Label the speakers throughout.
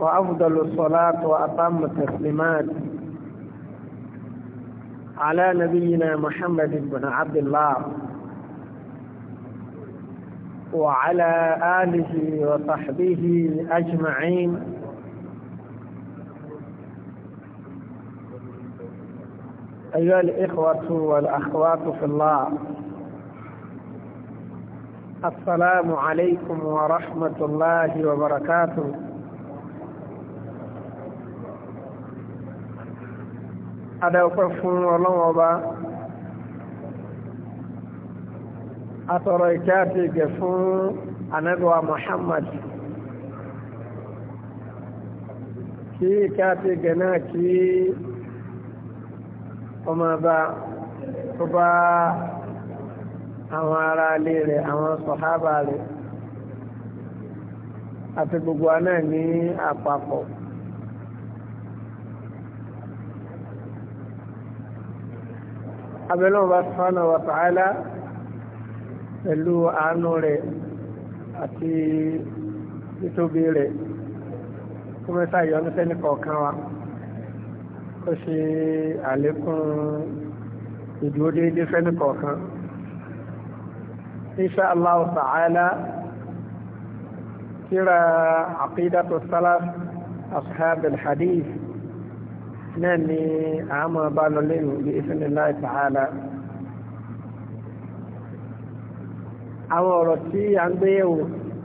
Speaker 1: وأفضل الصلاة وأتم التسليمات على نبينا محمد بن عبد الله وعلى آله وصحبه أجمعين أيها الإخوة والأخوات في الله السلام عليكم ورحمة الله وبركاته adáwọ̀pẹ́ fún ọlọ́wọ́ ọba atọ̀rọ̀ ìkẹ́ àti ìgẹ̀ fún anẹ́bíwa Muhammad kí ìkẹ́ àti ìgẹ̀ náà kí ọmọ ọba tó bá àwọn ará ilé rẹ̀ àwọn sọ̀hábà rẹ̀ àti gbogbo anáà ní àpapọ̀. abẹ́lọ́wọ́ bá sọ́nà wa ta'ala pẹ̀lú àánú rẹ̀ àti títóbi rẹ̀ kó mẹ́ta ìyọnu sẹ́ni kọ̀ọ̀kan wa kó ṣe àlékún ìdúró déédéé fẹ́ni kọ̀ọ̀kan insha Allah ta'ala kíra aqidatu salaf ashab al-hadith náà ni àmọ́ bá lọ lẹ́nu bí ìfẹ́niláì tààlà àwọn ọ̀rọ̀ tí a ń gbéyẹ̀wò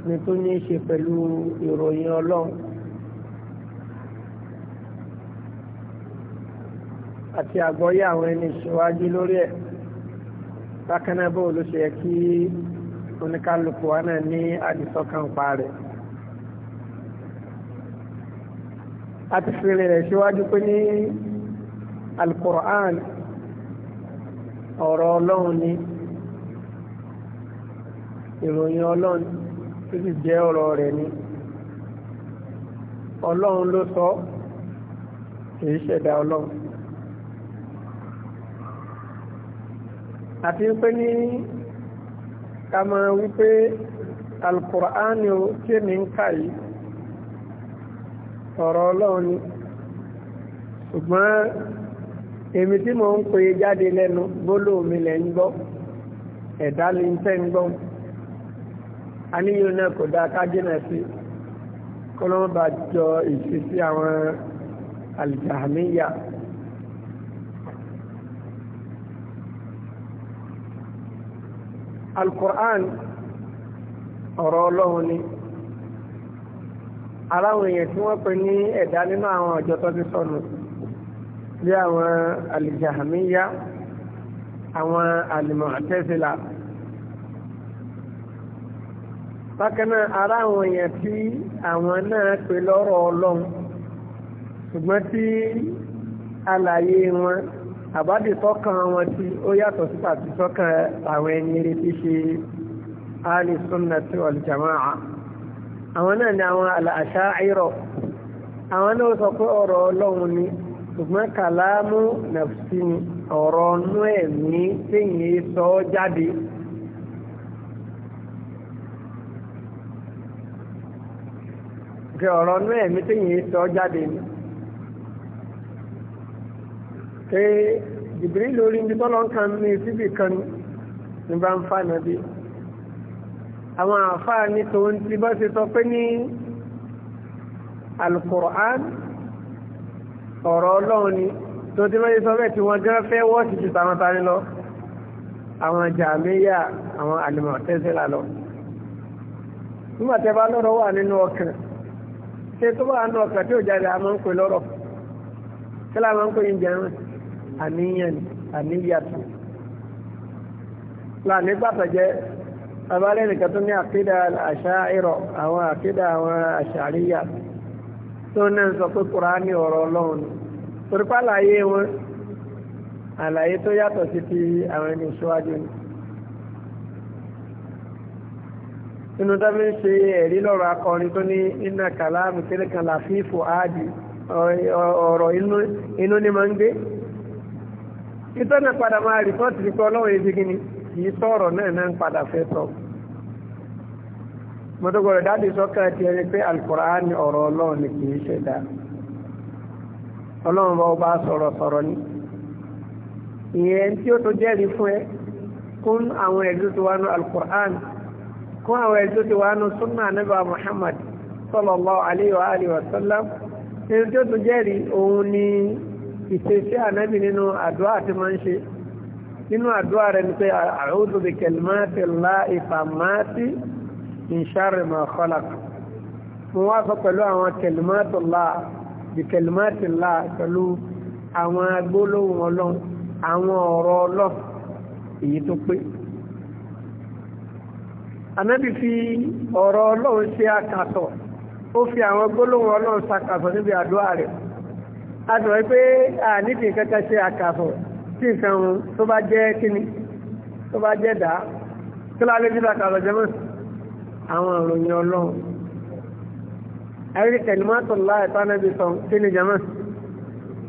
Speaker 1: ni tó ní í ṣe pẹ̀lú ìròyìn ọlọ́run àti àgbọ́yé àwọn ẹni ìṣíwájú lórí ẹ̀ bákan náà bó ló ṣe yẹ kí oníkálukú wa náà ní àdìsọ́kàn rẹ̀. àti fèrè rẹ̀ síwájú pé ní alukur'an ọ̀rọ̀ ọlọ́run ni ìròyìn ọlọ́run tó sì jẹ́ ọ̀rọ̀ rẹ̀ ni ọlọ́run ló sọ kìí ṣẹ̀dá ọlọ́run àti pé ní ká máa wípé alukur'an ni ó tí èmi ń kà yìí ọ̀rọ̀ ọlọ́run ni ṣùgbọ́n èmi tí mò ń pè é jáde lẹ́nu gbólóhùn mi lẹ̀ ń gbọ́ ẹ̀dá lè ń fẹ́ ń gbọ́ àníyàn náà kò dáa ká jìnà sí kọ́lọ́mọ́ bá jọ ìṣesí àwọn àlìjàmíyà. alukur'an ọ̀rọ̀ ọlọ́run ni aláwọn èèyàn tí wọ́n pè ní ẹ̀dá nínú àwọn ọjọ́ tó ti sọnù bí àwọn alìjàmíyá àwọn alìmọ̀tẹ́sílà bákan náà ará àwọn èèyàn tí àwọn náà pè lọ́rọ̀ ọlọ́run ṣùgbọ́n tí àlàyé wọn àbádìtọ́kàn wọn tí ó yàtọ̀ sí tàbí àwọn ẹni retí ṣe alìsúnnà tí wal jama'a àwọn náà ni àwọn àṣà àìrọ̀ àwọn náà sọ pé ọ̀rọ̀ ọlọ́run ni ṣùgbọ́n kàlámù nàfsí ni ọ̀rọ̀ ọ̀nú ẹ̀mí téyìn sọ jáde kí ọ̀rọ̀ ọ̀nú ẹ̀mí téyìn sọ jáde ni pé jìbìrí lórí ibi tọ́lọ́ àwọn àfáà ní tòun ti bá ṣe sọ pé ní alukur'an ọ̀rọ̀ ọlọ́run ni tó ti bá ṣe sọ bẹ́ẹ̀ tí wọ́n jẹ́ fẹ́ wọ́ọ̀sì ju tàwọn tani lọ àwọn jàmíyà àwọn alimọ̀tẹ́sílà lọ nígbàtẹ́ bá lọ́rọ̀ wà nínú ọkàn ṣe tó bá nínú ọkàn tí ò jáde a máa ń pè lọ́rọ̀ kí láà máa ń pè ń jẹun àníyàn àníyàtọ̀ abálẹ́ nìkan tó ní àkídà àṣàírọ̀ àwọn àkídà àwọn àṣàríyà tó náà sọ pé kùránì ọ̀rọ̀ ọlọ́run torípa àlàyé wọn àlàyé tó yàtọ̀ sí ti àwọn ẹni ìṣíwájú ni nínú tó fi ń ṣe ẹ̀rí lọ́rọ̀ akọrin tó ní iná kàlámù kéré kan làfíìfù áàdì ọ̀rọ̀ inú ni máa ń gbé ìtọ́nà padà máa rìpọ́ọ̀tì nípa ọlọ́run èdè gíní kì í sọ̀rọ̀ náà náà ń padà fẹ́ sọ mọ́tòkọ̀rọ̀ dáàdì sọ́kàn ti ẹni pé alukọ̀rán ni ọ̀rọ̀ ọlọ́run ni kì í ṣẹ̀dá ọlọ́run bá ọba sọ̀rọ̀ sọ̀rọ̀ ni ìyẹn tí ó tó jẹ́rìí fún ẹ kún àwọn ẹ̀dùn tó wà nù alukọ̀rán kún àwọn ẹ̀dùn tó wà nù súnà anábà Muhammad sallallahu alayhi wa nínú àdúrà rẹ̀ ní pé a'udhu bi kalimati llahi tammati min sharri ma khalaq mo wá sọ pẹ̀lú àwọn kalimati llahi bi kalimati llahi pẹ̀lú àwọn agbólóhùn ọlọ́run àwọn ọ̀rọ̀ ọlọ́ èyí tó pé anábì fi ọ̀rọ̀ ọlọ́run ṣe àkàtọ̀ ó fi àwọn gbólóhùn ọlọ́run ṣàkàtọ̀ níbi àdúrà rẹ̀ a dọ̀ pé a níbi ṣe àkàtọ̀ tí nǹkan wọn tó bá jẹ́ kíni tó bá jẹ́ dá kí lálẹ́ bí bàtà lọ jẹ́mọ̀ àwọn ìròyìn ọlọ́run ẹ̀rí kẹ̀lìmọ́tò láì tánẹ́bí sọ kí ni jẹ́mọ̀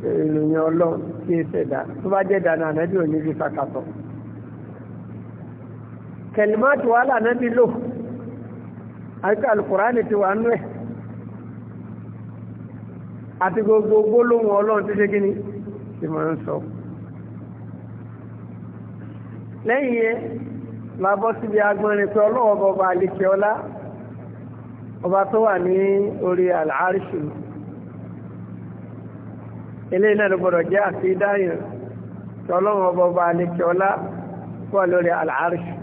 Speaker 1: ìròyìn ọlọ́run kí é ṣẹ̀dá tó bá jẹ́ dáadáa ànábì òní bí sàkàtọ̀ kẹ̀lìmọ́tò wà lànábì lò àríkà alùkùránì ti wà nú ẹ̀ àti gbogbo gbólóhùn ọlọ́run tó ṣe kí ti máa ń sọ. lẹ́yìn yẹn lábọ́ síbi agbọ́nrin pé ọlọ́wọ́ ọba àlekè ọlá ọba tó wà ní orí àlàáríṣù eléyìí náà ló gbọdọ̀ jẹ́ àti dáyìn tí ọlọ́wọ́ ọba àlekè ọlá pọ̀ lórí àlàáríṣù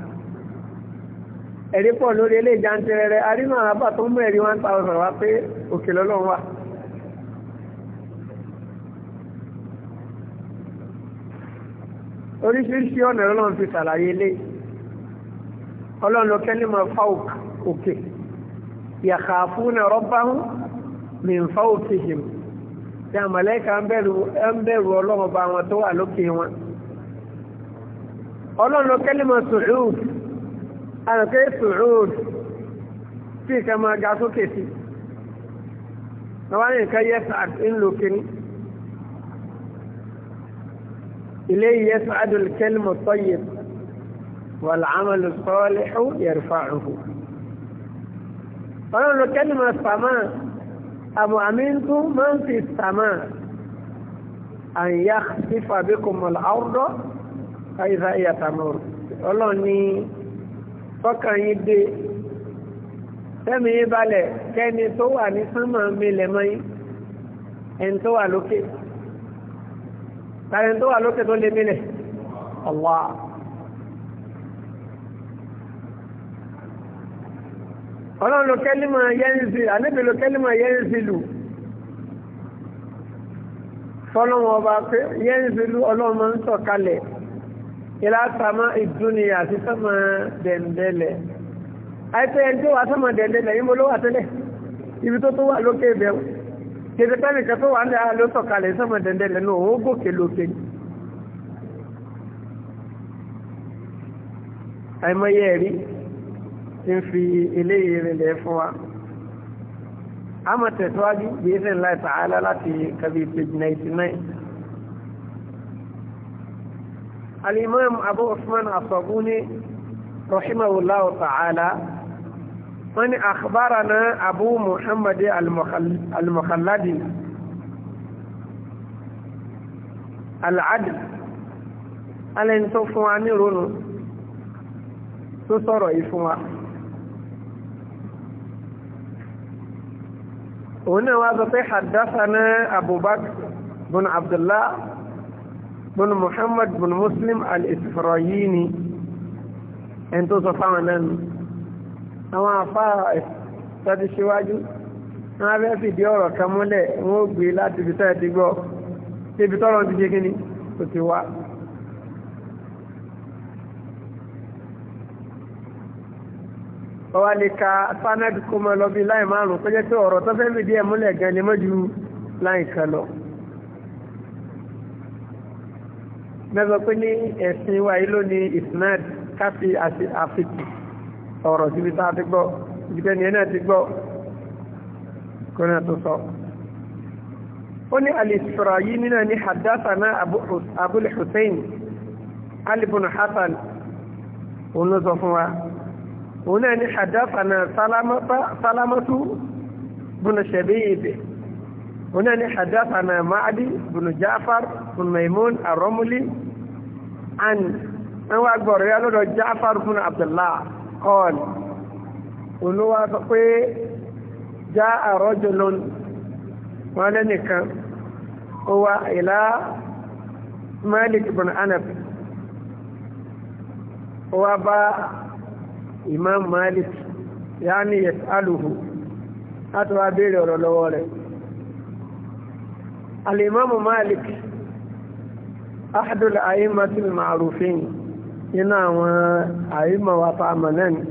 Speaker 1: ẹ̀rí pọ̀ lórí arínú àràbà tó mú ẹ̀rí oríṣiríṣi ọ̀nà ọlọ́run fi ṣàlàyé lé ọlọ́run ló kẹ́lí mọ́ fáwọk òkè yàkà fún rabbahum min fawqihim tí a mọ̀lẹ́ka ń bẹ̀rù ọlọ́run bá wọn tó wà lókè wọn ọlọ́run ló kẹ́lí mọ́ su'ud àrùkẹ́ su'ud tí ìkẹ́ máa ga sókè sí wọ́n wá ní nǹkan yẹ sàd ńlò إليه يسعد الكلم الطيب والعمل الصالح يرفعه قالوا كلمة السماء أبو أمنتم من في السماء أن يخسف بكم الأرض فإذا هي تمر Ọlọ́run ni fọ́kàn yín dé tẹ́mi yín balẹ̀ kẹ́ni tó wà ní tàbí tó wà lókè tó lè mílẹ̀ ọ̀wà ọlọ́run ló kẹ́límọ̀ yẹ́nzì àníbi ló kẹ́límọ̀ yẹ́nzì lù fọ́lọ́wọ́n ọba pé yẹ́nzì lù ọlọ́run máa ń sọ̀kalẹ̀ ìlàsàmọ́ ìdúnìyà àti sọ́mọ́ dẹ̀ndẹ̀lẹ̀ àìpẹ́ ẹni tó wà sọ́mọ́ dẹ̀ndẹ̀lẹ̀ yìí mo ló wà tẹ́lẹ̀ ibi tó tó wà lókè bẹ̀rù kèdè pẹ́ nìkan tó wà ń dára ló sọ̀kalẹ̀ sọ́mọ̀ dẹ̀ndẹ̀ lẹ́nu òun gòkè lókè àìmọye ẹ̀rí ti ń fi eléyìí rinlẹ̀ fún wa a mọ̀ tẹ̀síwájú bí i sẹ́ńlá ìtàhálà láti kàbí page 99 alimam abu usman asabuni rahimahullahu ta'ala wọ́n ní àkbárana abu muhammad al-mukhalladi al-adl alẹ́ni tó fún wa ní ronú tó sọ̀rọ̀ yìí fún wa òun náà wá sọ pé haddathana abubakar bin abdullah bin muhammad bin muslim al-isfarayini ẹni tó sọ fáwọn lẹ́nu àwọn àfáà tọ́tí síwájú wọ́n á fẹ́ fìdí ọ̀rọ̀ kan múlẹ̀ wọ́n ó gbé láti ibi tọ́ ẹ ti gbọ́ débi tọ́rọ̀ ti ṣe kíni kò ti wá. ọwá lè ka sanad kó mọ lọ bí láì márùn kó jẹ́ pé ọ̀rọ̀ tó fẹ́ fìdí ẹ̀ múlẹ̀ gan ni mọ́jú láì kan lọ. mẹ́sàn-án pé ní ẹ̀sìn wa yìí ló ní isnad káfí àfikún ọ̀rọ̀ síbi tá a ti gbọ́ ibi tẹ́ni ẹ̀nà ti gbọ́ kọ́nà tó sọ. ó ní alìsọ̀rọ̀ yìí nínú ní hadassana abul hussein alibun hasan òun ló sọ fún wa òun náà ní hadassana salamatu bunu shabiib òun náà ní hadassana ma'adi bunu jafar bunu maimun aromuli an wọ́n wá gbọ̀rọ̀ yá jafar bunu abdullah قال olúwa sọ pé já àrọ́jò lónìí wọ́n lẹ́nìkan ó wá ìlà malik ibn anab ó wá bá imam malik ya ni yẹ alùhù láti wá béèrè ọ̀rọ̀ lọ́wọ́ rẹ̀ alìmọ́mù malik ahadul ayyimatul ma'rufin nínú àwọn àìmọ̀ wa ta mọ̀ náà ni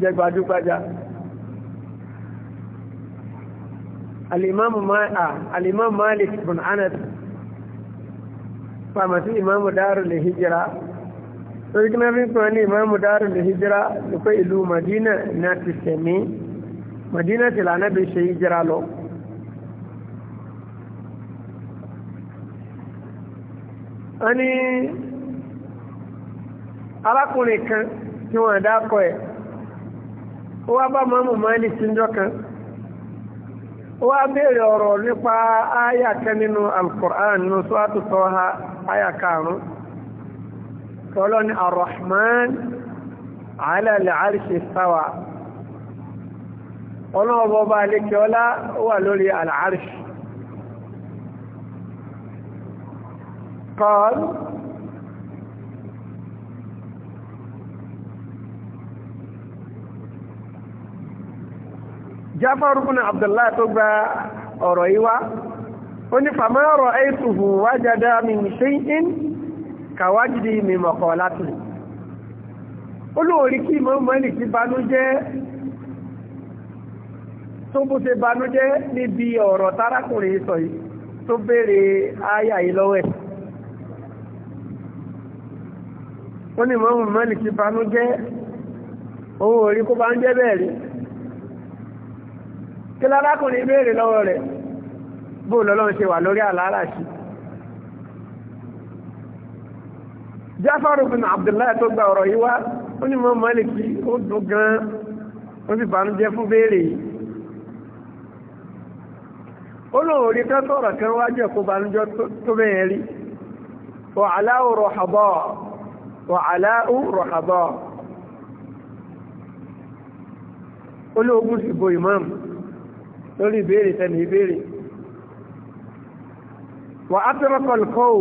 Speaker 1: jẹ́ gbajúgbajà alimam malik bin anet. pàmàtí imamu dáàrù lè hijira orí kí náà fi ń ní imamu dáàrù lè hijira ló pé ìlú madina ní a ti sẹ̀mí madina ti lànà bí ṣe hijira lọ wọ́n arákùnrin kan tí wọ́n dákọ̀ ẹ̀ ó wá bá mọ́mù mọ́ẹ́lì síjọ́ kan ó wá béèrè ọ̀rọ̀ nípa áyà kan nínú alkùrán nínú sọ́wọ́tò tọ́ha áyà karùn-ún tọ́lọ́ ni arrahman alẹ́lẹ́ àríṣẹ́ sáwà ọlọ́wọ́ bá lékè ọlá wà lórí alàríṣẹ́ Jafaru ibn Abdullah tó gba ọ̀rọ̀ yìí wá ó ní fàmọ́rọ̀ ẹ̀tùhù wájádá mi ṣe'in kàwájìdí mi mọ̀kọ̀ látì olóòrí kí mọ́ mọ́lì kí banújẹ́ tó bó ṣe se níbi ọ̀rọ̀ tárákùnrin sọ yìí tó béèrè ayà yìí lọ́wẹ́ ó ní mọ́ mọ́lì kí banújẹ́ owó orí kó bá ń jẹ́ bẹ́ẹ̀ rí kí lárákùnrin béèrè lọ́wọ́ rẹ̀ bó lọ́lọ́run ṣe wà lórí àlàáràṣí jáfàrù bin abdullahi tó gba ọ̀rọ̀ yìí wá ó ní mọ́ mọ́lìkì ó dùn gan-an ó sì bànújẹ́ fún béèrè yìí ó lóun rí kan sọ̀rọ̀ kan wájú ẹ̀kọ́ bànújẹ́ tó bẹ́ẹ̀ rí olóògùn sì bo ìmáàmù lórí ìbéèrè tẹ̀lé ìbéèrè wà á fẹ́ rọ́kọ̀lù kọ́ ò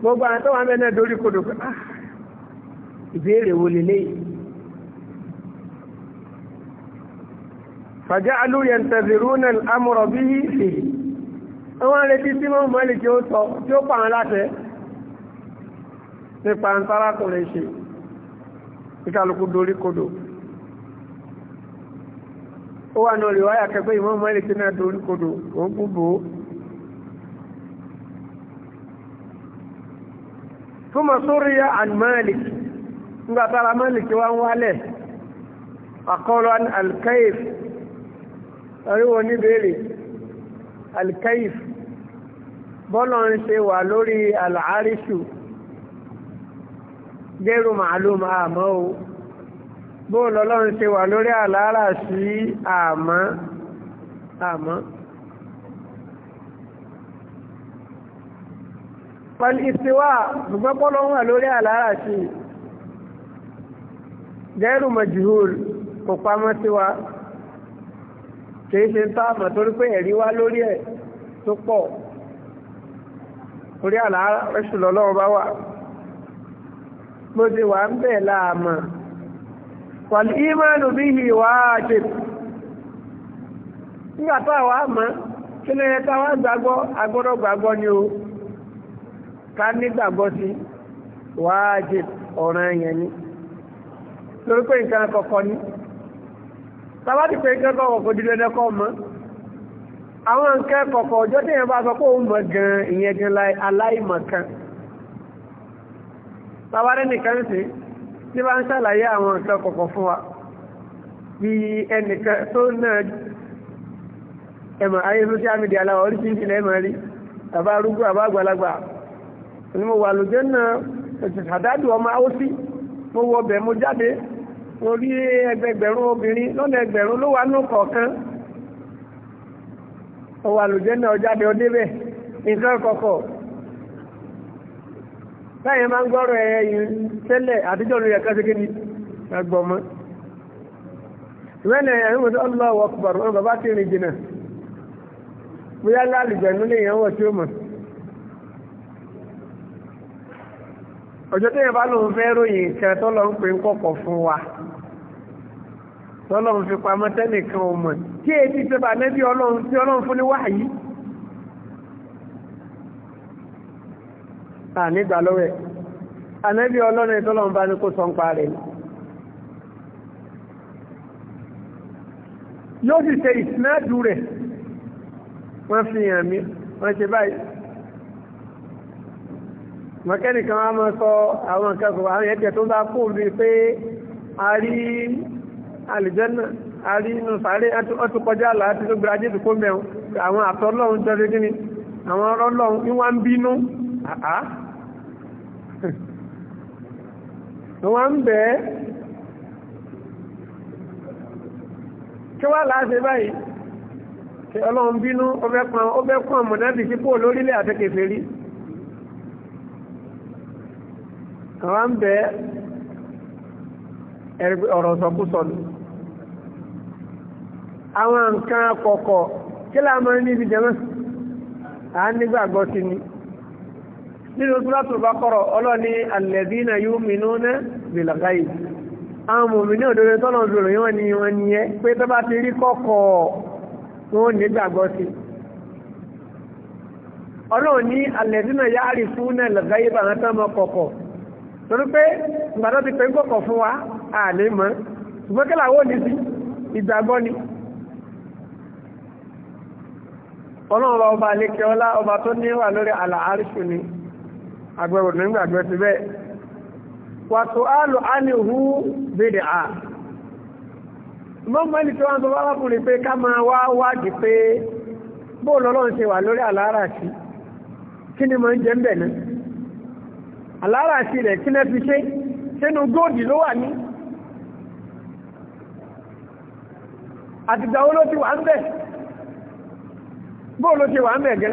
Speaker 1: gbogbo àwọn tó wà mẹ́rin náà dórí kodò pé ah ìbéèrè wo lélẹ́yìí fàjáàlú yẹntẹ̀zìrúnà amúrọ̀ bí i ṣe wọ́n retí tí wọ́n mọ́lì tí ó sọ tí ó pàwọn látẹ́ nípa ń sára kò ṣe ìkàlùkù dorí kodò ó wà náà rìwáyà kẹgbẹ́ Imam Malik náà dorí kodò òun gbogbo túnmọ̀ sórí yá àn Malik nígbà tára Malik wá ń wálẹ̀ àkọlọ alkaif oríwọ níbèrè alkaif bọ́lọ̀ ń ṣe wà lórí al'arishu gẹ́rù màálùm àmọ́ o. bó lọ́lọ́run ṣe wà lórí àlàárà sí àmọ́ àmọ́ pẹ̀lú ìsìnwá ṣùgbọ́n wà lórí àlàárà sí gẹ́rù majhul kò pamọ́ sí wa kìí ṣe táàmà torí pé ẹ̀rí wá lórí ẹ̀ tó pọ̀ orí àlàárà ẹ̀ṣùlọ́lọ́wọ́ bá wà bó ti wà ń bẹ̀ wàlìímánù bí i wáàjì nígbàtá wa mọ́ kí ló yẹ táwa gbàgbọ́ agbọ́dọ̀ ni o ká nígbàgbọ́ sí wáàjì ọ̀ràn yẹn ni lórí pé nǹkan kọ̀kọ́ ni tàbá gan gan kan n'i tí bá ń ṣàlàyé àwọn nǹkan kọ̀kọ̀ fún wa bí ẹnìkan tó náà ẹmọ̀ ayé social media aláwọ̀ oríṣiríṣi lẹ́mọ̀ rí bàbá arúgbó bàbá àgbàlagbà ni mo wà lójẹ́ náà ṣàdádù ọmọ áwọ́sí mo wọ bẹ̀ mo jáde mo rí ẹgbẹgbẹ̀rún obìnrin lọ́nà ẹgbẹ̀rún ló wà ní kọ̀ọ̀kan mo wà lójẹ́ náà jáde ọdẹ bẹ́ẹ̀ nǹkan kọ̀kọ̀ báyẹn máa ń gbọ́rọ̀ ya yìí tẹ́lẹ̀ àtijọ́ lórí ẹ̀ka ṣẹ́kẹ́ ni agbọ̀mọ́ ìwẹ́lẹ̀ ẹ̀yìn mọ̀tò Allahu wọn bàbá ti rìn jìnnà bóyá lálùbẹ̀ nílé yẹn wọ̀ tí ó mọ̀ ọjọ́ tó yẹn bá lóun fẹ́ ròyìn kan tọ́lọ́ ń pè ń kọ̀kọ̀ fún wa tọ́lọ́ ń fi pamọ́ tẹ́nìkan ànígbà lọ́wẹ́ ànẹ́bí ọlọ́rin ìtọ́lọ́mbá ní kó sọ ń pa rẹ̀ yóò sì ṣe ìsinádù rẹ̀ wọ́n fi hàn mí wọ́n ṣe báyìí mọ̀kẹ́nìkan wá mọ́ sọ àwọn akẹ́kọ̀ọ́ àwọn ẹ̀jẹ̀ tó bá kó rí pé a rí àlìjẹ́nà a rí inú sàárè ọtúkọjá láti tó gbìrajé tó àwọn àtọ́lọ́run jọ àwọn ọlọ́run ní wọ́n ń bínú àá wọ́n ń bẹ̀ ẹ́ kí wá láti báyìí tí ọlọ́run bínú ọbẹ̀ kan mọ̀dábì sí pò lórílẹ̀ àtẹ́kẹ̀fẹ́ rí àwọn ń bẹ̀ ọ̀rọ̀ sọkúsọ̀nù àwọn nǹkan kọ̀kọ̀ kí láàmọ́ níbi jẹ́mọ́ à ń nígbàgbọ́ sí ni nínú Suratul Baqara ọlọ́ni alladhina yu'minuna bil ghaib àwọn mòmìnà òdòdó tọ́lọ̀ òdòdó yíwọ́n ni wọ́n ni ẹ́ pé tó bá ti rí kọ́kọ́ wọ́n ní gbàgbọ́ sí ọlọ́run ní alladhina ya'rifuna al-ghaiba àwọn tó mọ kọ̀kọ̀ torí pé ìgbàdọ́ ti pé kọ̀kọ̀ fún wa àlè mọ́ ṣùgbọ́n kí làwọn òní sí ìgbàgbọ́ ni ọlọ́run ọba àlekẹ́ ọlá ọba tó ní lórí àlà àríṣù ni agbẹ́bọ̀dọ̀ nígbàgbẹ́ ti bẹ́ẹ̀ wàtò áàlù ánìhú bèèrè à mọ́mọ́ ní tí wọ́n tó bára fún ní pé ká máa wá wádìí pé bóòlù ọlọ́run ṣe wà lórí àláràṣí kí ni mo ń jẹ ń bẹ̀ náà àláràṣí rẹ̀ kí lẹ́ fi ṣe sínú góòdì ló wà ní àtìgbà wo ló ti wà ń bẹ̀ bóòlù ti wà ń bẹ̀ gẹ́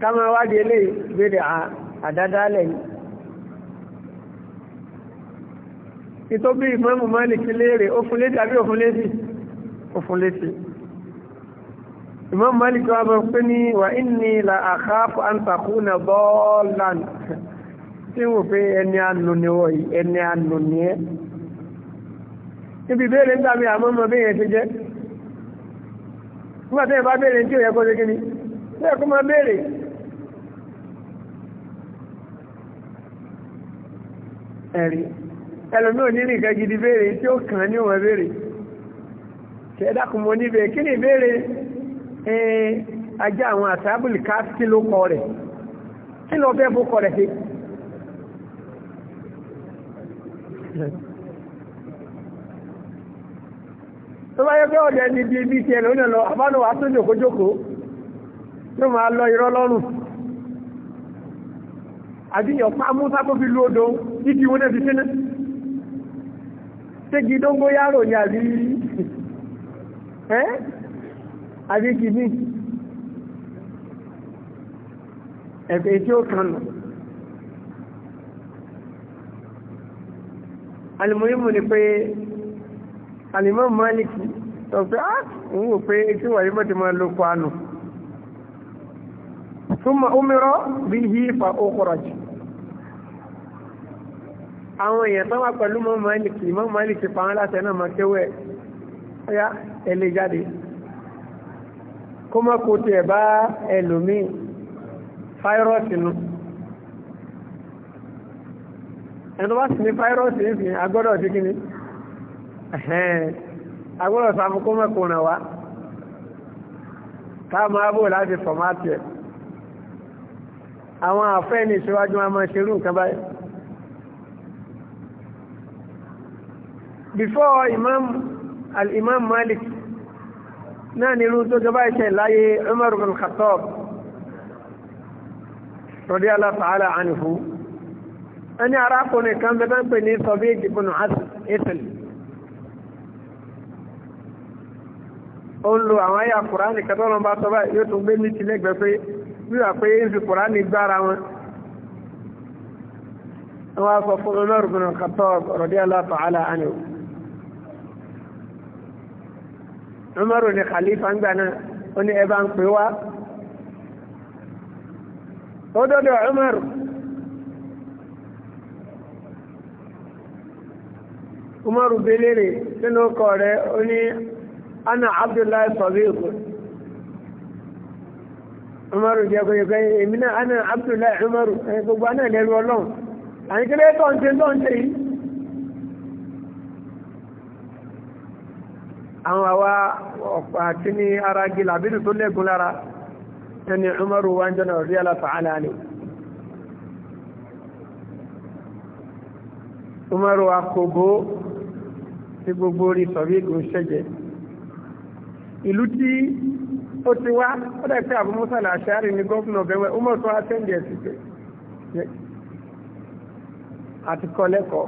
Speaker 1: ká máa wádìí eléyìí bèèrè àdádálẹ̀ yìí ìtó bí ìmọ́mù Málìkì léèrè ófúnlẹ́sì àbí ófúnlẹ́sì ófúnlẹ́sì ìmọ́mù Málìkì wà bọ̀ pé ní wà inni la àkáàpù àǹtàkùnà bọ́ọ̀lán tí wò pé ẹni ànùní wọ̀ yìí ẹni ànùní ẹ́ níbi ìbéèrè ń tàbí àmọ́mọ́ bí yẹn ti jẹ́ nígbà tí ẹ bá béèrè tí ò yẹ kó ṣe kí ni bẹ́ẹ̀ kó ẹ̀rí ẹlòmí ò ní nǹkan gidi béèrè tí ó kàn ní òun béèrè ṣe dákun mo ní béèrè kí ni ajá àwọn àtàbùlì ká ló kọ rẹ̀ kí bó kọ rẹ̀ tó bá yẹ pé ni bíi bíi lónìí lọ àbálòwà tó jòkójókòó tó máa lọ irọ́ àdíyàn pa múta tó fi lóòdó ìdí wọn ẹ̀bí sínú tẹ́gì dóngó yàrò ní àbí ẹ́ àbí kìíní ẹ̀fẹ̀ tí ó kànnà alìmọ̀yìnmọ̀ ni pé alìmọ̀ mọ́lìkì tọ́fẹ́ á ń ah, wò pé tí wà yí mọ́ ti máa súnmọ́ omírọ́ bí i àwọn èèyàn tó wà pẹ̀lú mọ́ máìlìkì mọ́ máìlìkì pa wọn láti ẹ̀nà máa kéwẹ̀ ọ̀yá ẹlẹ́ jáde kó mọ́ kó tiẹ̀ bá ẹlòmíì fáírọ́ọ̀sì nu ẹni tó bá sì ní fáírọ́ọ̀sì ń fi agbọ́dọ̀ sí kíni agbọ́dọ̀ sọ afọ́kọ́ mọ́ kó ràn wá ká máa bò láti fọ̀mátì ẹ̀ àwọn àfẹ́ ní ìṣíwájú wọn máa ṣerú nǹkan báyìí before imam al-imam malik náà ni irú tó jọba ìṣẹ̀ láyé umar bin khattab radiyallahu ta'ala anhu ẹni arákùnrin kan bẹ́ẹ̀ pè ní sọ́bí ìdìbòn ìsìn ó ń lo àwọn ayé àkùrá nìkan tó lọ́nà bá sọ́bà yóò tún gbé ní tìlẹ́gbẹ̀ẹ́ pé wíwà pé ìsìn kùránì gbára wọn wọ́n sọ fún Umar bin Khattab radiyallahu ta'ala anhu Umar ní khalifa ń gbà náà ó ní ẹbá ń pè wá ó dọ́dọ̀ Umar Umar belere sínú ọkọ̀ rẹ̀ ó ní ana Abdullahi sọ̀rọ̀ umaru jẹ́ kò yẹ̀kọ́ èmi náà ana abdullahi umaru gbogbo aná ìlẹ́rú ọlọ́run àyíkẹ́lẹ́ tó ń ṣe tó ń ṣe yìí àwọn àwa ọ̀pá tí ní ara gi làbínú tó lẹ́gùn lára ẹni umaru wa ń jẹ́ náà rí aláta aláàlẹ́ umaru wa kò bó tí gbogbo orí sọ̀rí ìgò ṣẹ́jẹ̀ ìlú tí ó ti wá ó dẹ̀ pé Abu Musa al-Ash'ari ní gómìnà bẹ̀wẹ̀ ó mọ̀ tó wá tẹ́ǹdì ẹ̀ sí pé àti kọ́ lẹ́kọ̀ọ́.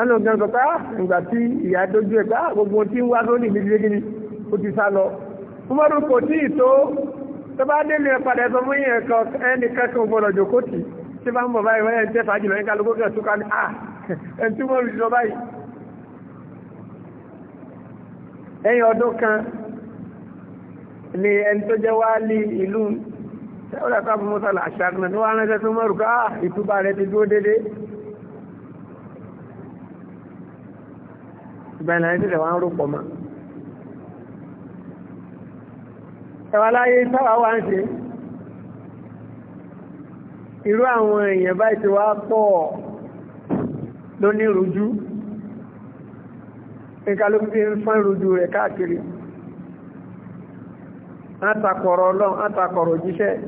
Speaker 1: ẹnu gan sọ pé ah, ìgbà tí ìyá dojú ẹ̀ pé ah, gbogbo tí ń wá lónìí ní gbígbé ó ti sá lọ. Umaru kò tí ì tó tó bá délé ẹ̀ padà sọ fún yẹn kan ẹnì kẹ́kọ̀ọ́ gbọ́dọ̀ jòkó tì tí bá ń bọ̀ báyìí wọ́n yẹn ń tẹ́ fàájì lọ́yìn ah, kálukú ẹ̀yìn ọdún kan ni ẹni tó jẹ́ wálí ìlú ṣẹ́wọ́dà káàbù mọ́sálà àṣàkùnà tó wá ránṣẹ́ tó mọ́rù ká ìtúbà rẹ̀ ti dúró dédé ìgbàlẹ̀ àti ìṣẹ̀wà ń rúpọ̀ mọ́ ẹwà láyé nǹkan ló fi ń fán rojú rẹ̀ káàkiri àtakọ̀rọ̀ ọlọ́run àtakọ̀rọ̀ òjíṣẹ́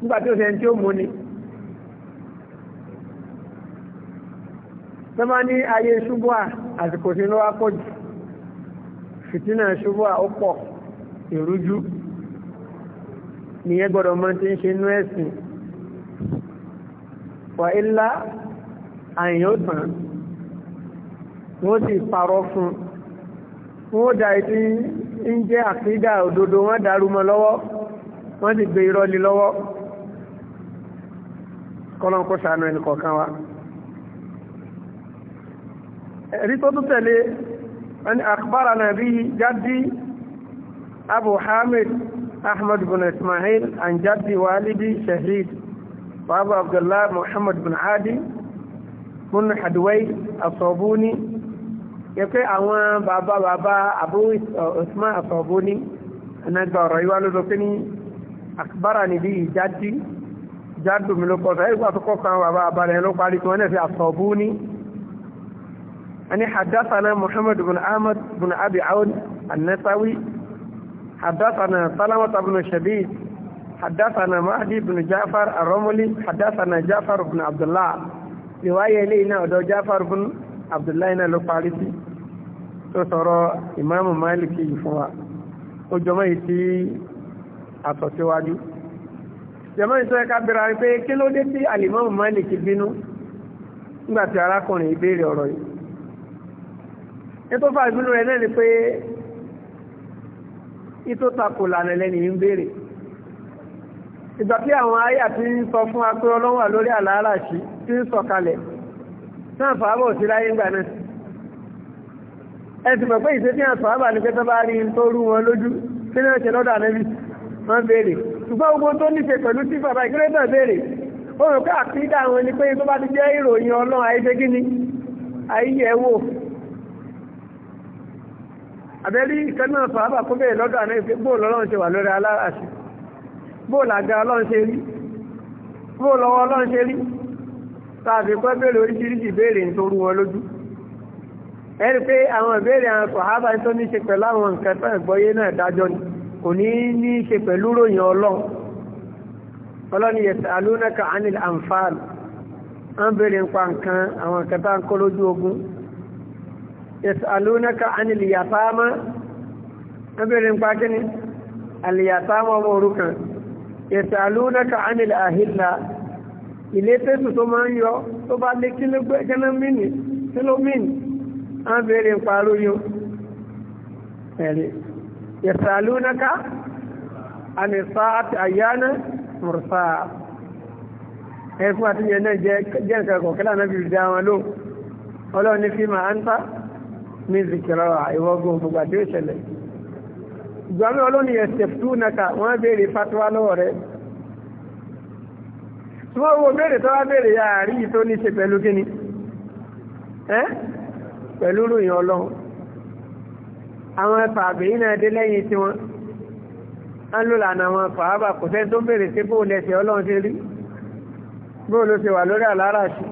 Speaker 1: nígbà tí ó ṣe tí ó mú ni tọ́mọ́ ní ayé ṣubúà àsìkò sí ló wá pọ̀ jù fìtínà ṣubúà ó pọ̀ ìrújú nìyẹn gbọ́dọ̀ mọ́ tí ń ṣe inú ẹ̀sìn wà ilá àyìn ó tàn án wọ́n ti parọ́ fún wọ́n dá etí ń jẹ́ àkídà òdodo wọ́n dàrú mọ́ lọ́wọ́ wọ́n ti gbé irọ́ lé lọ́wọ́ kọ́lọ́n kó sànú ẹnì kọ̀ọ̀kan wa ẹ̀rí tó tún tẹ̀lé ẹni àkbára náà bí jáde abu hamid ahmad bin ismail an jáde walidi shahid wa abu muhammad bin hadi bin hadwai asabuni yẹ pé àwọn bàbá bàbá Abu Usman àtọ̀bó ní ẹ̀nàgbà ọ̀rọ̀ yìí wá ló sọ pé ní àkùbára níbi ìjádí jádù mi ló kọsọ̀ ẹ̀gbà tó kọ́kọ́ àwọn bàbá bàbá rẹ̀ ló parí tí wọ́n náà fi àtọ̀bó ní ẹni haddathana Muhammad bin Ahmad bin Abi Aun an-Nasawi Salamata bin Shabib حدثنا مهدي بن جعفر الرملي حدثنا جعفر بن عبد الله رواية لينا ودو جعفر بن عبد الله لو فارسي tó sọ̀rọ̀ ìmáàmù máìlìkì yìí fún wa ó jọmọ́ yìí tí àtọ̀síwájú jọmọ́ yìí tó ẹ̀ka bẹ̀rẹ̀ rí pé kí ló dé tí àlìmáàmù máìlìkì bínú nígbà tí arákùnrin ìbéèrè ọ̀rọ̀ yìí ní tó fa ìbínú rẹ̀ náà ni pé ìtò takò lànà lẹ́ni ń béèrè ìgbà tí àwọn àyà ti ń sọ fún apẹ́ ọlọ́wà lórí àlàáràṣí tí ń sọ̀kalẹ̀ náà fàábọ̀ sí láyé ńgbà náà ẹ̀sùn mọ̀ pé ìṣẹ́fí àṣọ àbà ní pẹ́tọ́ bá rí tó rú wọn lójú tí náà ṣe lọ́dọ̀ ànẹ́bí wọ́n béèrè ṣùgbọ́n gbogbo tó níṣe pẹ̀lú tí bàbá ìkéré náà béèrè ó rò pé àkídà wọn ni pé tó bá ti jẹ́ ìròyìn ọlọ́run àìṣe kí ni àìyẹ wò àbẹ́rí ìkẹ́ náà sọ àbà kó béèrè lọ́dọ̀ ànẹ́bí bóòlù ọlọ́run ṣe wà lórí aláàṣì bóòlù àga ọlọ́run ṣe rí bóòlù ọwọ́ ẹ̀rí pé àwọn ìbéèrè àwọn sọ̀hábà tó ní ṣe pẹ̀lú àwọn nǹkan tó ẹ̀gbọ́yé náà dájọ́ ni kò ní ní ṣe pẹ̀lú ròyìn ọlọ́run ọlọ́ni yas'alunaka 'anil anfal wọ́n béèrè ń pa nǹkan àwọn nǹkan tó ń kó lójú ogun yas'alunaka 'anil yatama wọ́n béèrè ń pa kíni al yatama ilé tẹ́sù tó máa ń yọ tó bá lé kí ló gbẹ́ wọ́n béèrè ń parú yóò ẹ̀rí yẹ̀sàlúnáká àmìsá àti àyánà mùrùsá ẹ̀fún àti yẹ̀ náà jẹ́ ìkẹ́kọ̀ọ́ kílá náà fi dá wọn ló ọlọ́run ní fíìmà áńtà ní zikirọ́ ìwọ́gun gbogbo àti ìṣẹ̀lẹ̀ ìgbàmí ọlọ́run yẹ̀ sẹ̀fúnáká wọ́n béèrè fatuwa lọ́wọ́ rẹ̀ tí wọ́n wo béèrè tó wá béèrè yà rí ìtó ní ṣe pẹ̀lú kíni ẹ́ pẹ̀lú ròyìn ọlọ́run àwọn ẹfà àgbèyìn náà dé lẹ́yìn tí wọ́n á lò lànà àwọn fàábà kò sẹ́ tó bèèrè sí bóò lẹ́sẹ̀ ọlọ́run ṣe rí bóò ló ṣe wà lórí àlára sí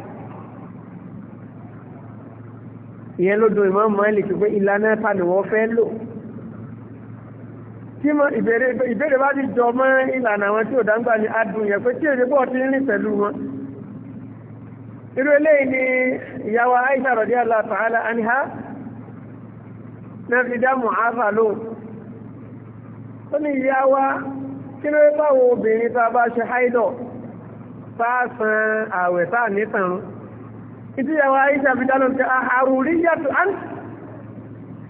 Speaker 1: ìyẹn ló dùn Imam Malik pé ìlànà ẹfà ni wọ́n fẹ́ lò ni adùn irú eléyìí ni ìyàwó Aisha radiyallahu ta'ala anha náà fi dá Mu'aza lóhùn ó ní ìyàwó kí ló báwo obìnrin tá a bá ṣe haidọ̀ bá san àwẹ̀ tá a nítàrún ìtí ìyàwó Aisha fi dá lóhùn pé àrùríyà tó án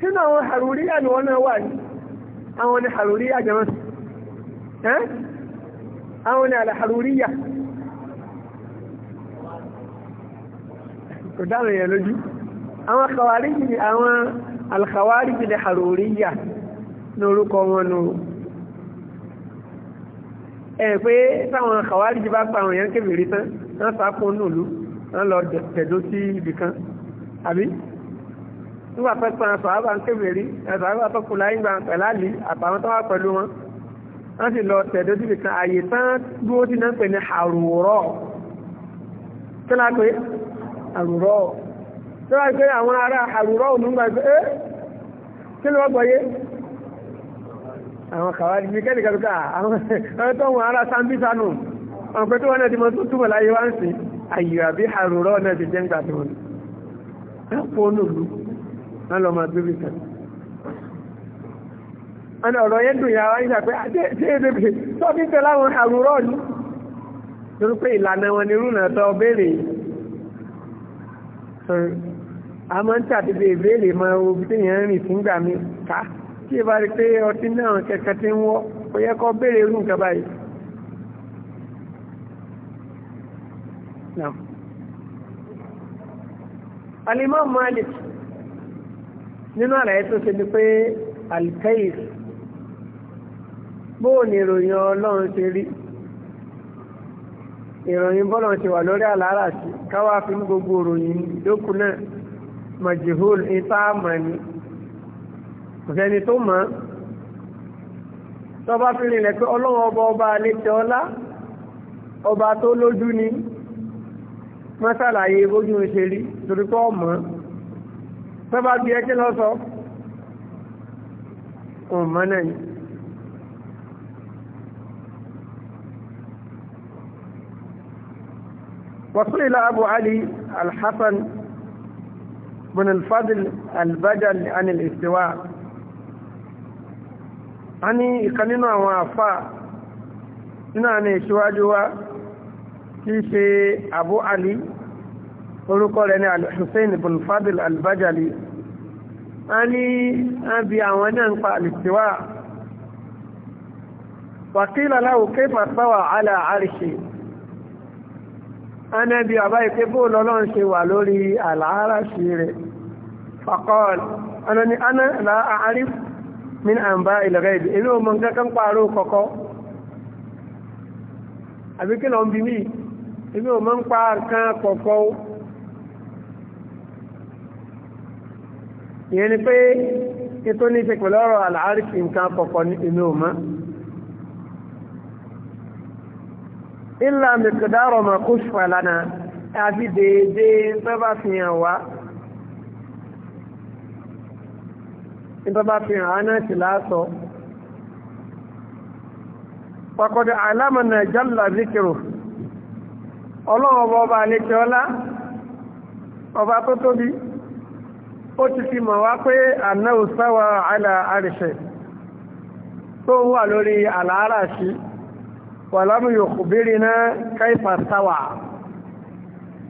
Speaker 1: sínú àwọn àrùríyà ni wọ́n náà wà kò dáhùn èèyàn lójú àwọn kàwáríjì àwọn alkàwáríjì lè hàròríyà ní orúkọ wọn nù ẹ̀ pé táwọn kàwáríjì bá pa àwọn èèyàn kébìrì tán wọ́n sá kó nùlú wọ́n lọ tẹ̀dó sí ibìkan àbí nígbà pẹ́pẹ́ àwọn sàábà ń kébìrì sàábà tó kù láyé gbà pẹ̀láàlì àtàwọn tó wà pẹ̀lú wọn wọ́n sì lọ tẹ̀dó sí ibìkan àyè tán dúró sí náà pè ní àrùwọ̀rọ̀ kí lápẹ́ àrùrọ̀ tó wá pé àwọn ará àrùrọ̀ òun gbà pé ẹ́ eh, kí ló gbọ́yé àwọn kàwàdì ní kẹ́lì kẹ́lì káà àwọn tó wọn ará sambisa nù àwọn pẹ̀tọ́ wọn náà ti mọ́ tó túnmọ̀ láyé wá ń sí ayò àbí àrùrọ̀ náà ti jẹ́ ń gbà tí wọn ana ọ̀rọ̀ yẹn dùn yàrá yìí sàpé àti èdè a máa ń tàbí ìbéèrè mọ obi tí yẹn ń rìn fún gbà mí ká tí ẹ bá rí pé ọtí náà kẹkẹ tí ń wọ́ ó yẹ kó béèrè irú nǹkan báyìí. nínú àlàyé tó ṣe ni pé alkaif bóò ni ìròyìn Ọlọ́run ṣe rí ìròyìn bọ́lọ̀ ti wà lórí àlàárà sí káwà fi ní gbogbo ìròyìn lókù náà majihul ipá mọ̀ ní ọ̀sẹ̀ni tó mọ̀ tó bá fi rìnlẹ̀ pé ọlọ́wọ́ ọba ọba alétẹ ọlá ọba tó lójú ni mọ́sàlàyé bójú ń ṣe ọmọ tó bí ẹkí lọ́sọ ọmọ náà وسئل أبو علي الحسن بن الفضل البدل عن الاستواء ani ìkan nínú àwọn àfà nínú àwọn ìṣíwájú wa tí í ṣe Abu Ali orúkọ rẹ̀ ní Al-Hussein ibn Fadl Al-Bajali a ní àbí àwọn náà ń pa al-istiwa wa qila lahu kayfa istawa ala arshi anẹ́bí àbá ìpé bóòlù ọlọ́run ṣe wà lórí àlàárà sí rẹ̀ fàkọ́ọ̀l anani ana la min àmbá ilẹ̀ inú ọmọ kankan pààrọ̀ kọ̀kọ́ àbí kí ń bí mí inú ọmọ ń pa ni ńlá mẹ̀kẹ̀dárọ̀ mà kó ṣùpà lánàá àfi dèédé bábá fi hàn wá bábá fi hàn wá náà sì láàsọ. Fakọ̀dé àlámà náà jálà zikiru. Ọlọ́run ọba ọba àlejò ọlá ọba tó tóbi ó ti fi mọ̀ wá pé àná òsáwà àlà àrìṣẹ̀ tó wà lórí àlàáràṣí wàlámù yòkùbírí náà káìfà sáwà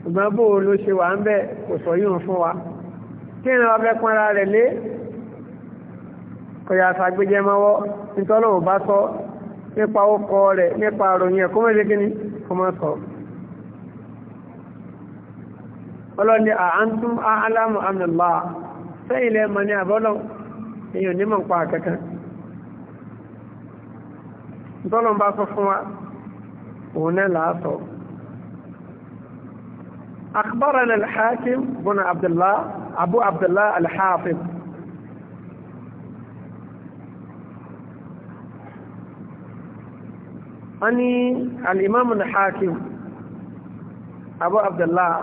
Speaker 1: ṣùgbọ́n bó ló ṣe wà ń bẹ́ kò sọ yíò fún wa kí ni wọ́n fẹ́ pọ́nra rẹ̀ lé kọ̀yà àtàgbéjẹ mọ́wọ́ nítorí òun bá sọ nípa ọkọ rẹ̀ nípa àròyìn ẹ̀kọ́ mẹ́rin kí ni kò mọ́ sọ ọlọ́ni àántún aláàmù àmì lọ́à sẹ́yìn lẹ́ẹ̀mọ́ ní àbọ́lọ́ èèyàn onímọ̀ pa àkẹ́kẹ́ tọ́lọ́n bá sọ fún wa òun أخبرنا الحاكم بن عبد الله أبو عبد الله الحافظ أني الإمام الحاكم أبو عبد الله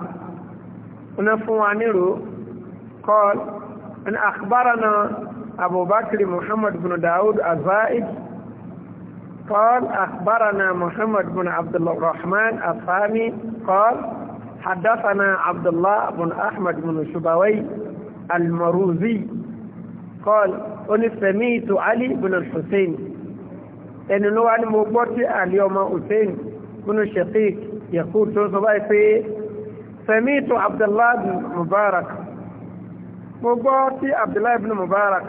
Speaker 1: ونفو عنه قال أن أخبرنا أبو بكر محمد بن داود الزائد قال أخبرنا محمد بن عبد الله الرحمن الثاني قال حدثنا عبد الله بن أحمد بن شبوي المروزي قال أني سميت علي بن الحسين ẹni ló wá ní mo gbọ́ tí àlè ọmọ hussein gúnnú shafiq yakub tó sọ báyìí pé samitu abdullahi bin mubarak mo gbọ́ tí abdullahi bin mubarak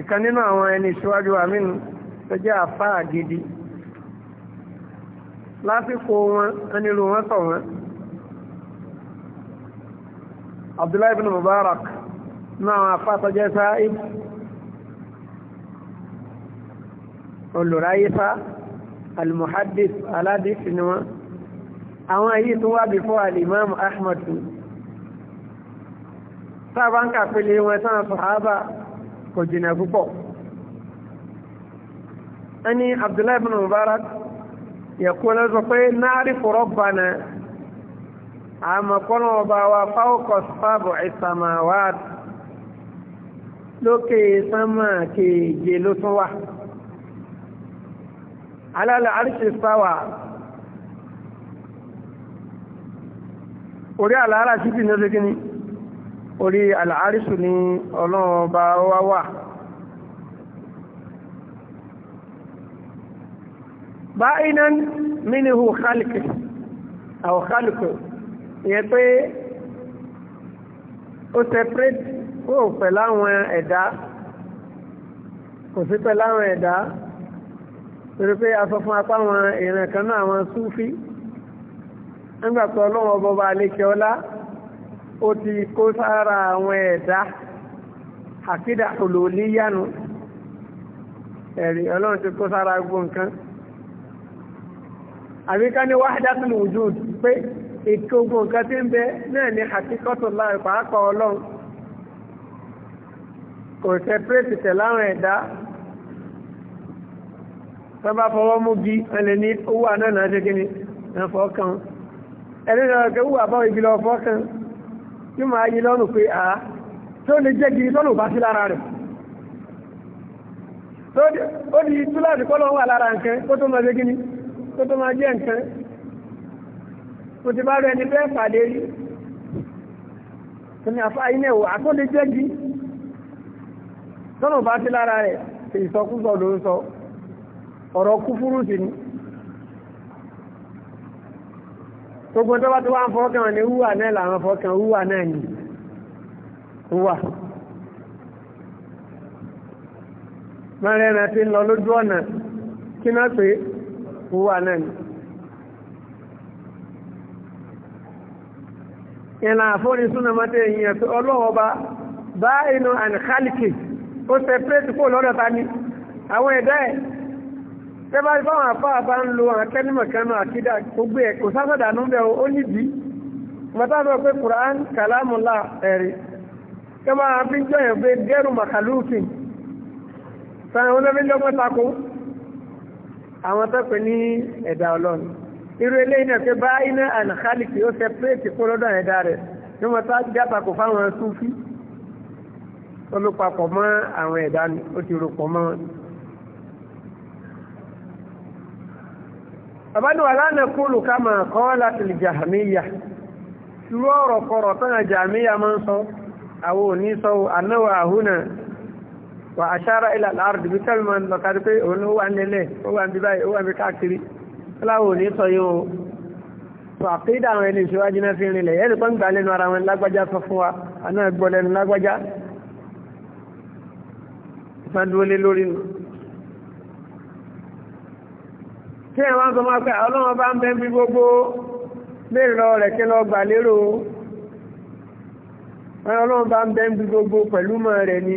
Speaker 1: ìkan nínú àwọn ẹni ìṣíwájú aminu tó jẹ́ àfáà gidi lásìkò wọn ẹnilu wọn tọ̀ wọn abdullahi ibn mubarak náà àfáà tó jẹ́ sáib olùráyífá almuhaddis aládìsí ni wọn àwọn èyí tó wá bí fún alìmáàmù ahmad sábà ń wọn sáà sọ̀hábà kò jìnà púpọ̀ ẹni abdullahi bin mubarak yẹ̀kúnlẹ̀ sọ pé náàrí fòrọ̀ bana àmàkọ́nà ọba wa fáwọkọ̀ sábọ̀ ìsàmàwà lókè sánmà kéje ló tún wà alálẹ̀ àríṣì sáwà orí àlàárà sí ti ní orí àlàárìṣù ni ọlọ́run ọba wa wà. báyínà mínihù kálìkì àwọn kálìkì yẹn pé ó separate ó pẹ̀lú àwọn ẹ̀dá kò sí pẹ̀lú àwọn ẹ̀dá torí pé a sọ fún apá àwọn èèyàn kan náà àwọn súfí nígbà tó ọlọ́wọ́ bọba àlékè ọlá ti kó sára àwọn ẹ̀dá àkídà olóòlíyánu ẹ̀rí ọlọ́run ti kó sára gbogbo nǹkan àbí ká ní wahdatul wujud pé ètò ogun nǹkan tí ń bẹ náà ní haqiqatullah pàápàá ọlọ́run kò sẹpẹ́rẹ́tì tẹ̀ láwọn ẹ̀dá tó bá fọwọ́ mú bí ẹlẹ́ ní owó àná náà ṣe kí ni náà fọ́ kan ẹni náà kẹ́ wù àbáwọ̀ ibi lọ lára rẹ̀ tó di túláàsì kọ́ lára nǹkan kó tó máa ṣe kó tó máa jẹ́ nǹkan mo ti bá rẹ ní bẹ́ẹ̀ pàdé rí ní àfáà iná ẹ̀wọ̀ àtúndé jẹ́gi tọ́nà bá ti lára rẹ̀ ìsọkúsọ ló ń sọ ọ̀rọ̀ kúfúrú sí ni gbogbo tó bá tó wá ń fọ́kàn ní wúwà náà làwọn fọ́kàn wúwà náà ni wúwà mẹ́rin ẹ̀rẹ́ ti ń lọ lójú ọ̀nà kí náà pé òkú wà náà ni. ìlànà àforísúnà mọ́tò èyí pé ọlọ́wọ́ bá bá inú àníkálìkì ó separate kó lọ́dọ̀ ta ni àwọn ẹ̀dá ẹ̀ tẹ́bá báwọn àfáà bá ń lo àwọn akẹ́nìmọ̀kánú àkídà gbogbo ẹ̀ kò sásọ̀dà núbẹ̀ ó nídìí mọ́tàbọ̀ pé Quran kàlámùlá ẹ̀rí kẹ́ máa fi jọyàn pé gẹ́rù màkàlùkì sàn ó lọ́mí lọ́gbọ́n takò àwọn tó pè ní ẹ̀dá ọlọ́run irú eléyìí náà pé báyìí náà ànàkálìkì ó sẹpẹ́rẹ́tì kó lọ́dọ̀ ẹ̀dá rẹ̀ ní wọ́n tá jápakò fáwọn súnfí olùpapọ̀ mọ́ àwọn ẹ̀dá ni ó ti rúpọ̀ mọ́ wọn. bàbá ní wà lánàá kúlù ká máa kọ́ láti lè jàmíyà irú ọ̀rọ̀ kọ̀rọ̀ tán àjàmíyà máa ń sọ àwọn òní sọ ànáwà wà àṣára ilà láàrùn bí tẹ́lìmọ̀n lọ́kàrí pé òun ó wà nílẹ̀ ó wà ní báyìí ó wà ní káàkiri láwò ní sọ yóò tó àkídà àwọn ẹni ìṣíwájú náà fi rinlẹ̀ yẹ́nì pọ́n gbà lẹ́nu ara wọn lágbájá sọ fún wa àná ẹgbọ́ lẹ́nu lágbájá máa dúró lé lórí nu. tí ẹ̀ wá ọlọ́run bá ń bẹ́ ń bí gbogbo pẹ̀lú mọ́ rẹ̀ ni.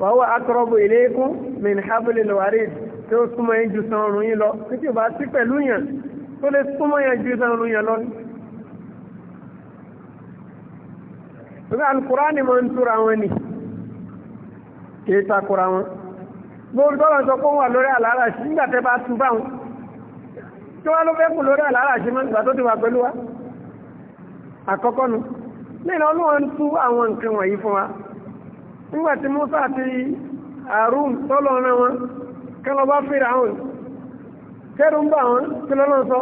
Speaker 1: wàhùwà akọrọbù ilaykum min hablil warid tí ó súnmọ́ yẹn ju san ọrùn yín lọ títí ò bá sí pẹ̀lú yàn tó lè súnmọ́ yẹn ju san ọrùn yẹn lọ. Ìgbà Al-Qur'ani máa ń túra wọn ni, kì í takura wọn. Gbogbo tọ́lọ̀ sọ pé wà lórí àlàárà sí nígbà tẹ́ bá tún bá wọn. Tí wọ́n ló fẹ́ kù lórí àlàárà sí máa ń gbà tó ti wà pẹ̀lú wa. Àkọ́kọ́ nu, lẹ́yìn ọlọ́run tú àwọn nǹkan wọ̀nyí fún wa. nígbà tí Musa àti Harun tọ́lọ̀ ọ̀nà wọn bá fèrè àwọn kẹrù ń bà wọn kí lọ́nà sọ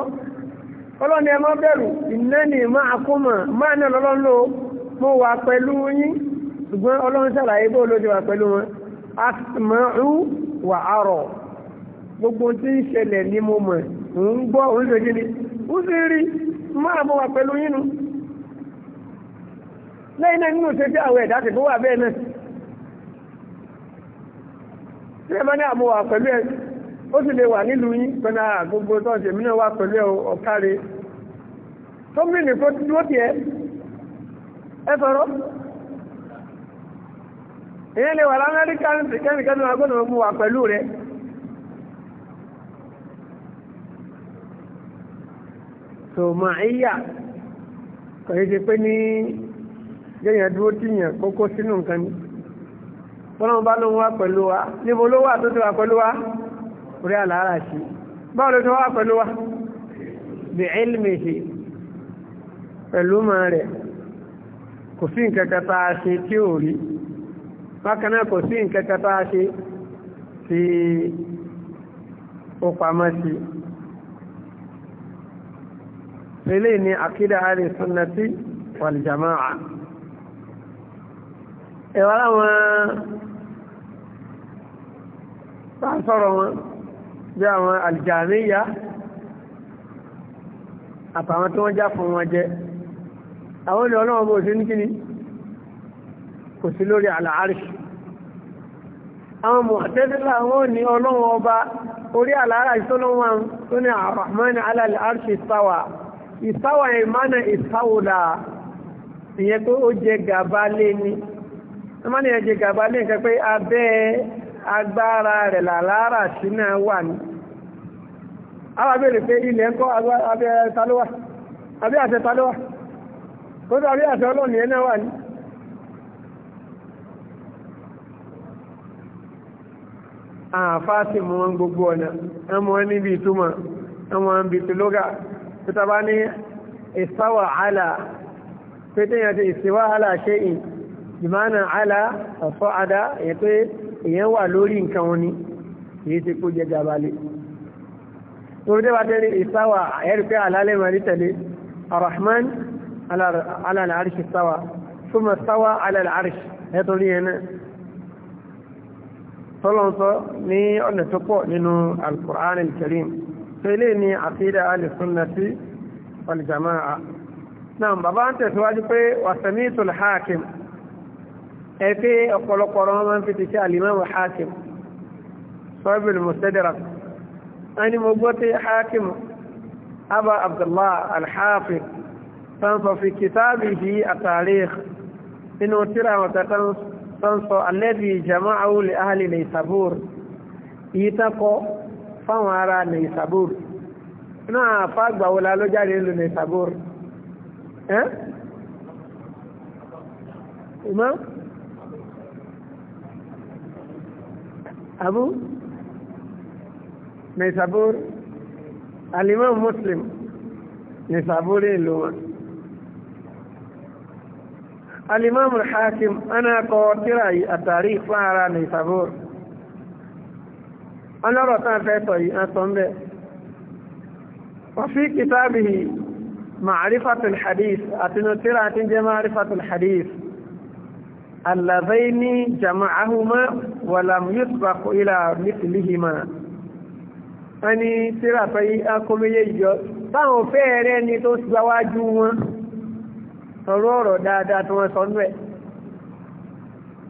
Speaker 1: ọlọ́ni ẹ má bẹ̀rù ìnáni máa kó máa ní ọlọ́run lò mo wà pẹ̀lú yín ṣùgbọ́n ọlọ́run ṣàlàyé bó ló ṣe wà pẹ̀lú wọn asma'u wa gbogbo tí ń ṣẹlẹ̀ mo mọ̀ ń gbọ́ òun ṣe kí ni ó sì rí máa wà pẹ̀lú yín nu lẹ́yìn náà nínú ṣe tí àwọn ẹ̀dá ti ẹ bá ní àmúwà pẹ̀lú ẹ ó sì lè wà nílùú yín pẹ̀lú àgbogbo tó ṣe mí náà wà pẹ̀lú ẹ tó mí nìkó dúró tiẹ̀ ẹ sọ̀rọ̀ ìyẹn lè wà lamẹ́ríkà ní wà pẹ̀lú rẹ. kò pé ní dúró kókó bọ́lọ́run bá lóun wá pẹ̀lú wa níbo ló wà tó ti wà pẹ̀lú wa orí àlàárà sí báwo ló ti wá pẹ̀lú wa bí ilmihi pẹ̀lú máa rẹ̀ kò sí nǹkan kan ṣe tí ò rí bákan kò sí nǹkan ṣe tí ó pamọ́ sí eléyìí ni àkídà àrí sunnati wal jama'a ẹ̀wà láwọn sáàsọ̀rọ̀ wọn bí àwọn àlìjàmíyà àtàwọn tí wọ́n já fún wọn jẹ àwọn olè ọlọ́wọ́ bó sí ní kíni kò sí lórí àlàárìṣì àwọn mọ̀tẹ́sílá wọn ni ọlọ́wọ́ ọba orí àlàárìṣì tó lọ́wọ́ tó ní àrọ̀mọ́ni wọ́n máa ní ẹjẹ gàba lé nǹkan pé abẹ́ agbára rẹ̀ làlára sí náà wà ní àwọn abẹ́rẹ̀ pé ilẹ̀ ń kọ́ abẹ́ talówà abẹ́ àṣẹ talówà kó tó abẹ́ àṣẹ ọlọ́ọ̀nì ẹ̀ náà wà ní àfáàsì mọ́ gbogbo ọ̀nà ẹmọ níbi ìtumọ̀ ẹmọ níbi ìtulógà tó ní ìsáwà àlà pé ti ìsíwá àlà ṣe ìn ìmáàna àlà ọ̀fọ́ àdá èyàn pé èyàn wà lórí nǹkan wọn ni èyí ti kó jẹ jabalẹ̀ torí dé bá tẹ́lẹ̀ ìsáwà ẹ̀rí pé àlálẹ̀ máa ní tẹ̀lé arahman alàlà àríṣì sáwà súnmọ̀ sáwà alàlà àríṣì ní ọ̀nà náà bàbá ń tẹ̀síwájú pé wàsàmí tùl ẹ̀fẹ́ ọ̀pọ̀lọpọ̀ ọ̀rọ̀ máa ń fi ti ṣe alimami hakim sọ́bìn mustadrak ẹni mo gbọ́ tí hakim abba abdullah alhafiz sanso fi kitabihi at-tarikh inú tíra mọ̀tẹ́tàn sanso alladhi jama'ahu li ahli naysabur yìí tako fáwọn ará naysabur náà imam abu nisabur alimam muslim nisabur ìlú wọn alimam hakim ana kọ tíra yìí àtàrí fún ara nisabur ọlọ́rọ̀ tán fẹ́ sọ yìí asọ́ ń bẹ́ وفي كتابه معرفة الحديث أتنو ترى معرفة الحديث اللذين جمعهما ولم يسبق إلى مثلهما ẹni tíra pé akọmọye ìjọ báwọn fẹ́ẹ̀rẹ́ ni tó gbáwájú wọn ọ̀rọ̀ ọ̀rọ̀ dáadáa tí wọ́n sọ ní ẹ̀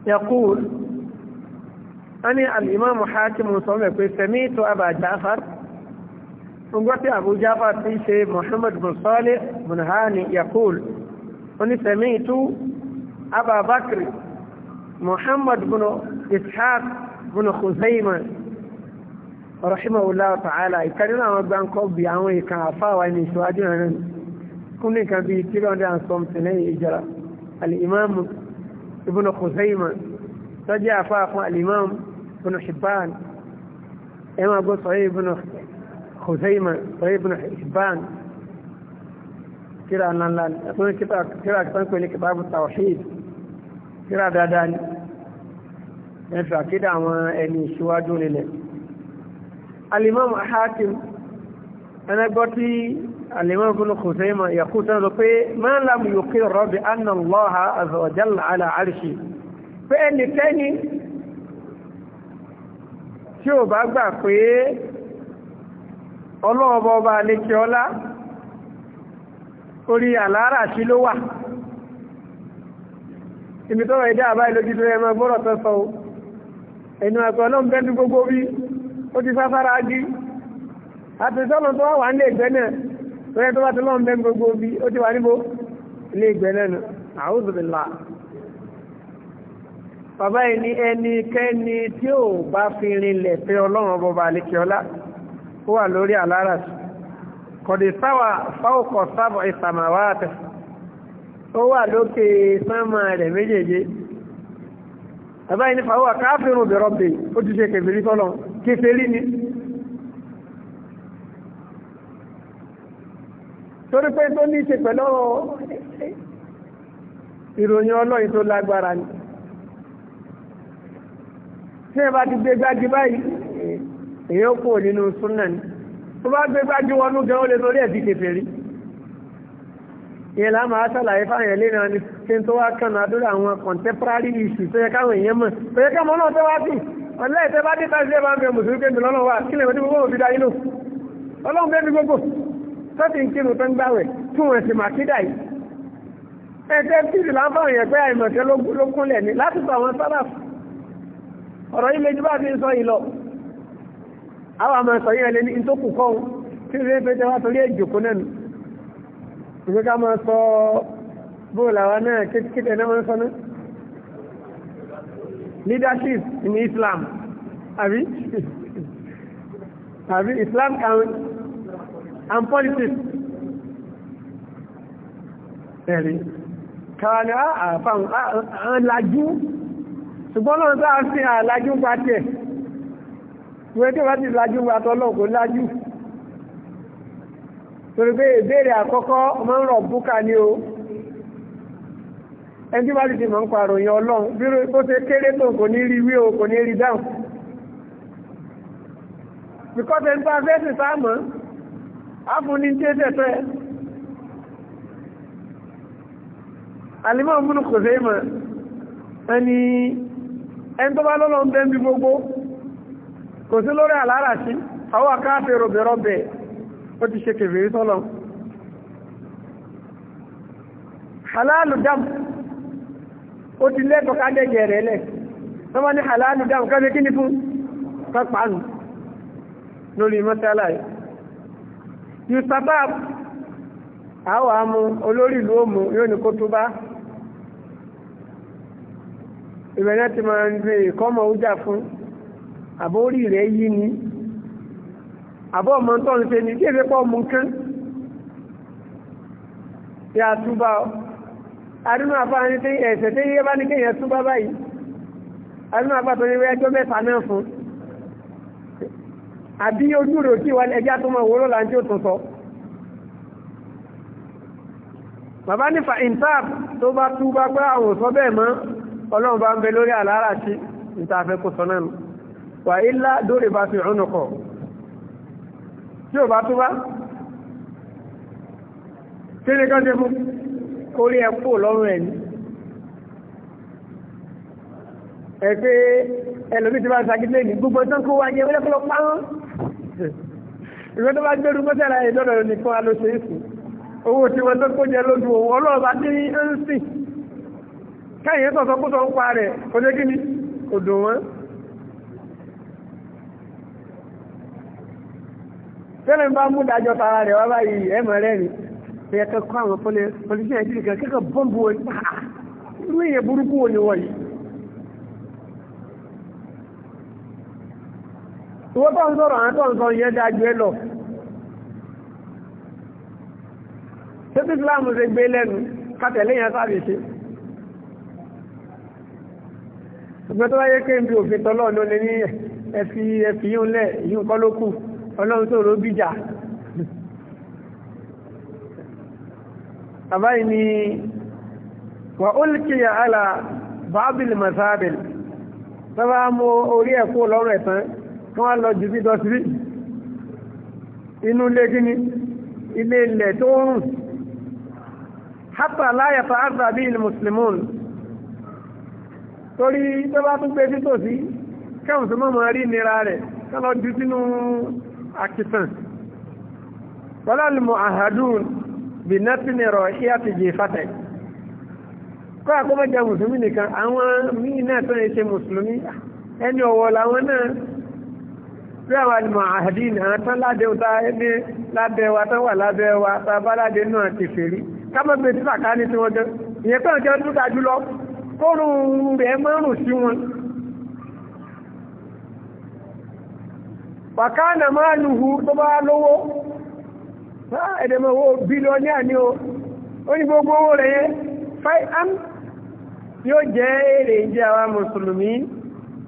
Speaker 1: yaqul ẹni alìmọ́mù hakimu sọ mẹ́ pé sẹ́mí tó Aba Ja'far ọgbọ́tí Abu Ja'far أبا بكر محمد بن إسحاق بن خزيمة رحمه الله تعالى كان ما بان قبي عوي كان عفا وين سواجنا كنا كان بي كيلو عند انصم سنه الإمام ابن خزيمة تجي عفا الإمام ابن حبان إما أبو صحيح ابن خزيمة صحيح ابن حبان كلا أن لا كلا كتاب كتاب التوحيد tíra dáadáa ni ẹ̀fẹ́ àkídà àwọn ẹni ìṣíwájú nílẹ̀ alimọ́mù Hakim ẹnẹgbọ́ tí alimọ́mù bínú kò sẹ́yìn mọ̀ yàkú sọ́nà pé máa ń lámù yòókè rọ́bì anna Allaha azza wa jalla ala arshi pé ẹnikẹ́ni tí ò bá gbà pé ọlọ́ọ̀bọ̀ ọba àlekẹ́ ọlá orí àlárà sí ló wà ibi tọ́rọ ẹ̀dá àbáyé lójú tó yẹ máa gbọ́rọ̀ tó sọ o ẹnu àtọ̀ ọlọ́run bẹ́ẹ̀ gbogbo bí ó ti sáfárá dí àti sọ́nà tó wà ní ìgbẹ́ náà tó yẹ tó bá ti lọ́run bẹ́ẹ̀ gbogbo bí ó ti wà níbo ilé ìgbẹ́ náà nù àwùzùbìlà bàbá yìí ní ẹnikẹ́ni tí ò bá fi rinlẹ̀ pé ọlọ́run ọba àlekèọlá ó wà lórí àlárà kọ̀dé sáwà fáwọkọ̀ sábọ̀ ó wà lókè sánmà rẹ̀ méjèèjì bàbá yìí ní fàwọ́ káfíìrún bẹ̀rọ̀ bè ó ti ṣe kèfèrí sọ́lọ̀ kèfèrí ni torí pé tó ní ṣe pẹ̀lú ìròyìn ọlọ́yìn tó lágbára ni tí ẹ bá ti gbé gbájú báyìí èyí ó kúrò nínú súnà ni tó bá gbé gbájú wọnú gan ó lè lórí ẹ̀bí kèfèrí ìyẹn láàmà aṣàlàyé fáyẹ̀ lé náà ni kí n tó wá kàn àdúrà àwọn contemporary issue tó yẹ káwọn èèyàn mọ̀ tó yẹ káwọn náà tó wá sí ọ̀lẹ́ ìtẹ́ bá dé tàbí ẹ̀bá ń bẹ mùsùlùmí kéńdù lọ́nà wà kí lèmi tí gbogbo òbí dayé lò ọlọ́run bẹ́ẹ̀ bí gbogbo tó ti ń kírun tó ń gbàwẹ̀ tún wọn sì màkídà yìí ẹ̀ẹ́dẹ́ tìrì láǹfààní ẹ̀gbẹ́ àìmọ̀kẹ́ ló kúnlẹ̀ ni láti sọ àwọn sábà ọ̀rọ̀ yìí méjì bá fi ń sọ yìí lọ àwọn àmọ̀ sọ yìí ẹlẹ́ni tí ó rí pé tẹ́wà ṣùgbọ́n ká máa sọ bóòlù àwa náà kékeré náà máa ń sọ náà leadership in Islam àbí àbí Islam and, and politics ẹ̀rí kàwàlẹ̀ àfàun àlájú ṣùgbọ́n náà tó àfihàn àlájú pàtẹ́ wọ́n tó bá ti lájú pàtọ́ lọ́kọ̀ọ́ lájú. torí ebere akọkọ ọmọ ń o ẹni bá ti ti ń pa àròyìn ọlọ́run bí ó ṣe kéré tó kò ní rí wí o kò ní rí dáhùn because ẹni tó afẹ́ áfúnni tí ó tẹ̀tẹ̀ alimọ́ múnú kò gbogbo kò sí lórí àlárà sí àwọn akáàfẹ́ ó ti ṣe kèfèrí sọ́lọ̀ halalu dam ó ti lẹ́tọ̀ọ́ ká dẹ́jẹ̀ rẹ̀ lẹ̀ tọ́mọ ní halalu dam kọ́ kí ni fún pápánu lórí mọ́sálà yìí yusaba àwọn amú olórí ìlú òmù yóò ní kó tó bá ìbẹ̀rẹ̀ ti máa ń gbé ìkọ́mọ̀ ó jà fún àbórí rẹ̀ yí ni àbọ́ ọmọ tó ń ṣe ní kí èdè pọ̀ mú kán tí a túbá ọ arínú àfáàní tí ẹ̀ṣẹ̀ tí yíyẹ bá ní kí èèyàn túbá báyìí arínú àfáà tó ní wẹ́ ẹjọ́ mẹ́ta náà fún àbí ojú rò tí wà ẹjá tó mọ̀ wóró láńtí ó tún sọ bàbá nípa intab tó bá túbá pé àwọn òsọ bẹ́ẹ̀ mọ́ ọlọ́run bá ń bẹ lórí àlàárà sí ìtafẹ́ kó sọ náà wà ilá dórí bá fi ọ̀nà kọ̀ọ̀ tí ò bá tó bá tí ní kan ṣe fún kórí ẹ̀pò lọ́rùn ẹ̀ ní ẹ̀ pé ẹlòmí ti bá ń sagídé ní gbogbo tó kó wá jẹ́ wọlé kọ́lọ́ pàrọ́ ìwé tó bá gbé rú mọ́tẹ́ra ìdọ́dọ̀ nìkan alóṣe èsì owó tí wọ́n tó kó jẹ lójú òun ọlọ́ọ̀bá ni kò dùn tẹ́lẹ̀ ń bá mú dájọ́ tara rẹ̀ wá báyìí ẹ̀mọ̀ rẹ̀ ni ẹ̀yẹ kẹ́kọ́ àwọn pọlisí nàìjíríà kan kẹ́kọ̀ọ́ bọ́ǹbù wọn irú èèyàn burúkú wọn ni wọ́n yìí. ìwọ tó ń sọ̀rọ̀ àwọn tó ń sọ yẹn dájú ẹ lọ. tẹ́tí islam ṣe gbé lẹ́nu kátẹ̀lé yẹn sábì ṣe. ìgbẹ́ tó bá yẹ kéńbi òfin tọ́lọ́ ní ó lé ní ẹ̀fì ẹ̀fì lẹ̀ yìí kọ́ ló kù ọlọ́run tó rọ bíjà àbáyìí ni wà ulkiya ala bábìlì masábìlì tó bá mú orí ẹ̀kọ́ lọ́rọ̀ ẹ̀tán tó wá lọ jù bí dọ́sírí inú ilé gíní ilé ilẹ̀ tó rùn hátà láyàtọ̀ àzàbí ilẹ̀ mùsùlùmùn torí tó bá tún gbé sí tòsí kẹ́hùn artisans wala lùmọ̀ àhàdùn bí nẹ́tìnì rọ̀ ìyá ti jẹ fàtẹ̀ kọ́ àkọ́mọ́jà mùsùlùmí nìkan àwọn míì náà tó ń ṣe mùsùlùmí ẹni ọ̀wọ̀ làwọn náà bí la alìmọ̀ àhàdùn àwọn tán lábẹ́ wa ẹni lábẹ́ wa tán wà lábẹ́ wa tá a bá lábẹ́ náà ti fèrí kámọ́ bẹ tí sàkáà ní tiwọn gan ìyẹn pẹ́ẹ́n jẹ́ dúkà jùlọ kórùn rẹ̀ márùn sí wọn pàkánà máa lùhù tó bá lówó ẹ̀dẹ̀mọ̀wó bílíọ̀nì àní o ó ní gbogbo owó rẹ̀ yẹn fáìhán yóò jẹ́ èrè ìjẹ́ àwa mùsùlùmí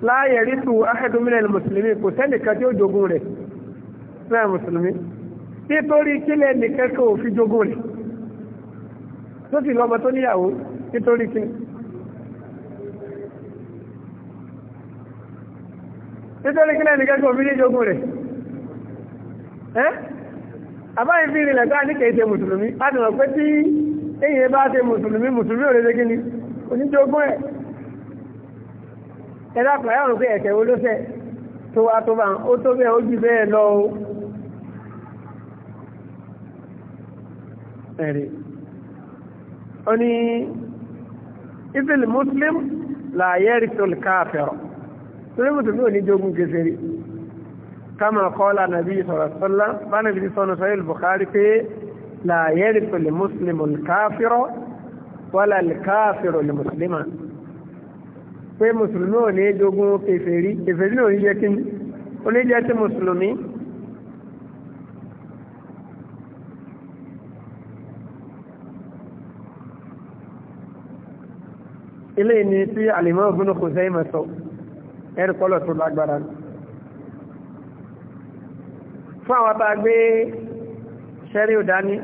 Speaker 1: láàyè rítù ahẹ́dùmílẹ̀ mùsùlùmí kò sẹ́nìkan tí ó jogún rẹ̀ náà mùsùlùmí nítorí kílẹ̀ nìkan kò fi jogún rẹ̀ tó sì lọ́mọ tó níyàwó nítorí kílẹ̀ nítorí kílẹ̀ ní kẹ́kọ̀ọ́ fi ní jogun rẹ̀ ẹ́ àbáyé fi rìnlẹ̀ káà ní kèése mùsùlùmí a ti mọ̀ pé tí èyí bá ṣe mùsùlùmí mùsùlùmí òrèlé kí ni oníjogun rẹ̀ ẹ̀dá pàyà ọ̀rùn pé ẹ̀kẹ́ olóṣẹ̀ tó wá tó bá ó tó bẹ́ẹ̀ ó jù bẹ́ẹ̀ lọ o ẹ̀rì ó ní ìfìlì mùsùlùm làyẹ̀rì tó lè káàfẹ̀rọ̀ torí mùsùlùmí ò ní jogun kèfèrí kama kọ́lá nàbí sọ̀rọ̀sọ́lá bá nàbí sọ́nà sọ́yìn Bukhari pé láyẹ́rì pẹ̀lú mùsùlùmí káfírọ̀ wọ́lá káfírọ̀ lè mùsùlùmá pé mùsùlùmí ò ní jogun kèfèrí kèfèrí ò ní jẹ́ kí ó ní jẹ́ tí ilé ni tí alimọ́ ibn Khuzaimah sọ ẹ̀rí kọ́lọ̀ tó lágbára ní fún àwọn bá gbé ṣẹ́rí ìdání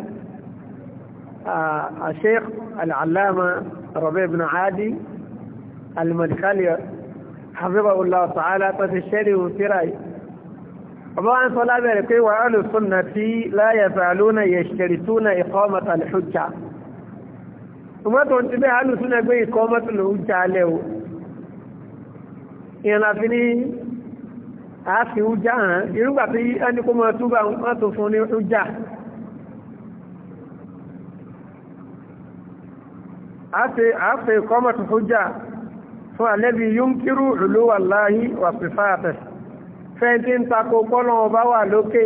Speaker 1: Sheikh al-Allama Rabi' ibn Hadi al-Madkhali hafizahullah ta'ala tó ti ṣẹ́rí òfíra yìí ọba wọn sọ lábẹ̀rẹ̀ pé wà ahlu sunnati la yazaluna yashtarituna iqamata al-hujja ọmọ ìrìnlá fi ní àáfi ujá hàn irúgbà tí ẹni kó mọ́ túbà wọ́n tó fún ní ujá àáfi kọ́mọ̀ tó ujá fún àlẹ́bí yúnkírù ìlú wà láàáyí wà pẹ̀fà àtẹ̀ fẹ́ntí ń takò pọ́lọ̀ ọba wà lókè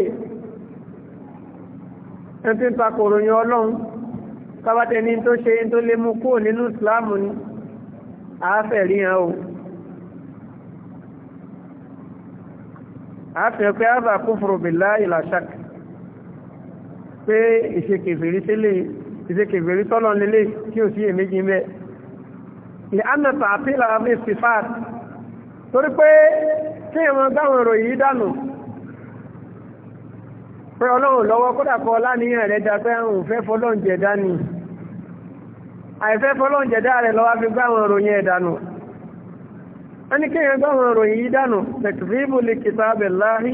Speaker 1: fẹ́ntí ń takò ròyìn ọlọ́run kábàtẹ́ni tó ṣe tó lè mú kúrò nínú ìsìláàmù ni àáfẹ̀ o. a fi pé ábà kúfùrù bìlá ìlàṣàk pé ìṣekèfèrí sílẹ̀ ìṣekèfèrí tọ́lọ̀ nílé tí ò sí èméjì mẹ́ ní anata àpílà abisifat torí pé kí ẹ̀wọ̀n gbáwọn ìròyìn yìí dànù pé ọlọ́run lọ́wọ́ kódà kọ láníyàn rẹ̀ dá pé àwọn ẹni kéèyàn gbọ́mọ̀ ròyìn yí dànù tẹ̀kìfíìbù lè kìtàbẹ̀ láhí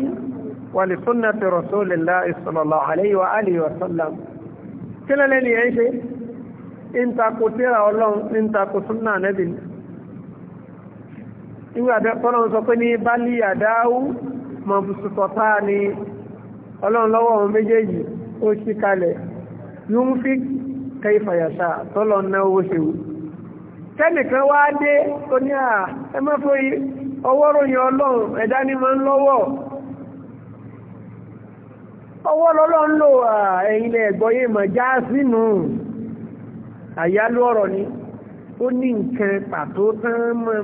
Speaker 1: wà lè súnà tẹ̀ rọ̀sọ́lẹ̀lá ìsọ̀lọ̀lá àlẹ́yìnwá àlẹ́yìnwá sọ́làm kí lọ́lẹ́ ni ẹ̀ ń ṣe ń takò tíra ọlọ́run ń takò súnà nẹ́bì nígbà tọ́lọ́run sọ pé ní bálí àdáwú mọ̀bùsùtọ̀tà ni ọlọ́run kẹ́nìkan wá dé tó ní à ẹ má fún ọwọ́ ròyìn ọlọ́run ẹ̀dá ni máa ń lọ́wọ́ ọwọ́ lọ́lọ́ ń lò ẹ̀yìn ẹ̀gbọ́yé mọ̀ já sínú àyálú ọ̀rọ̀ ni ó ní nǹkan pàtó tán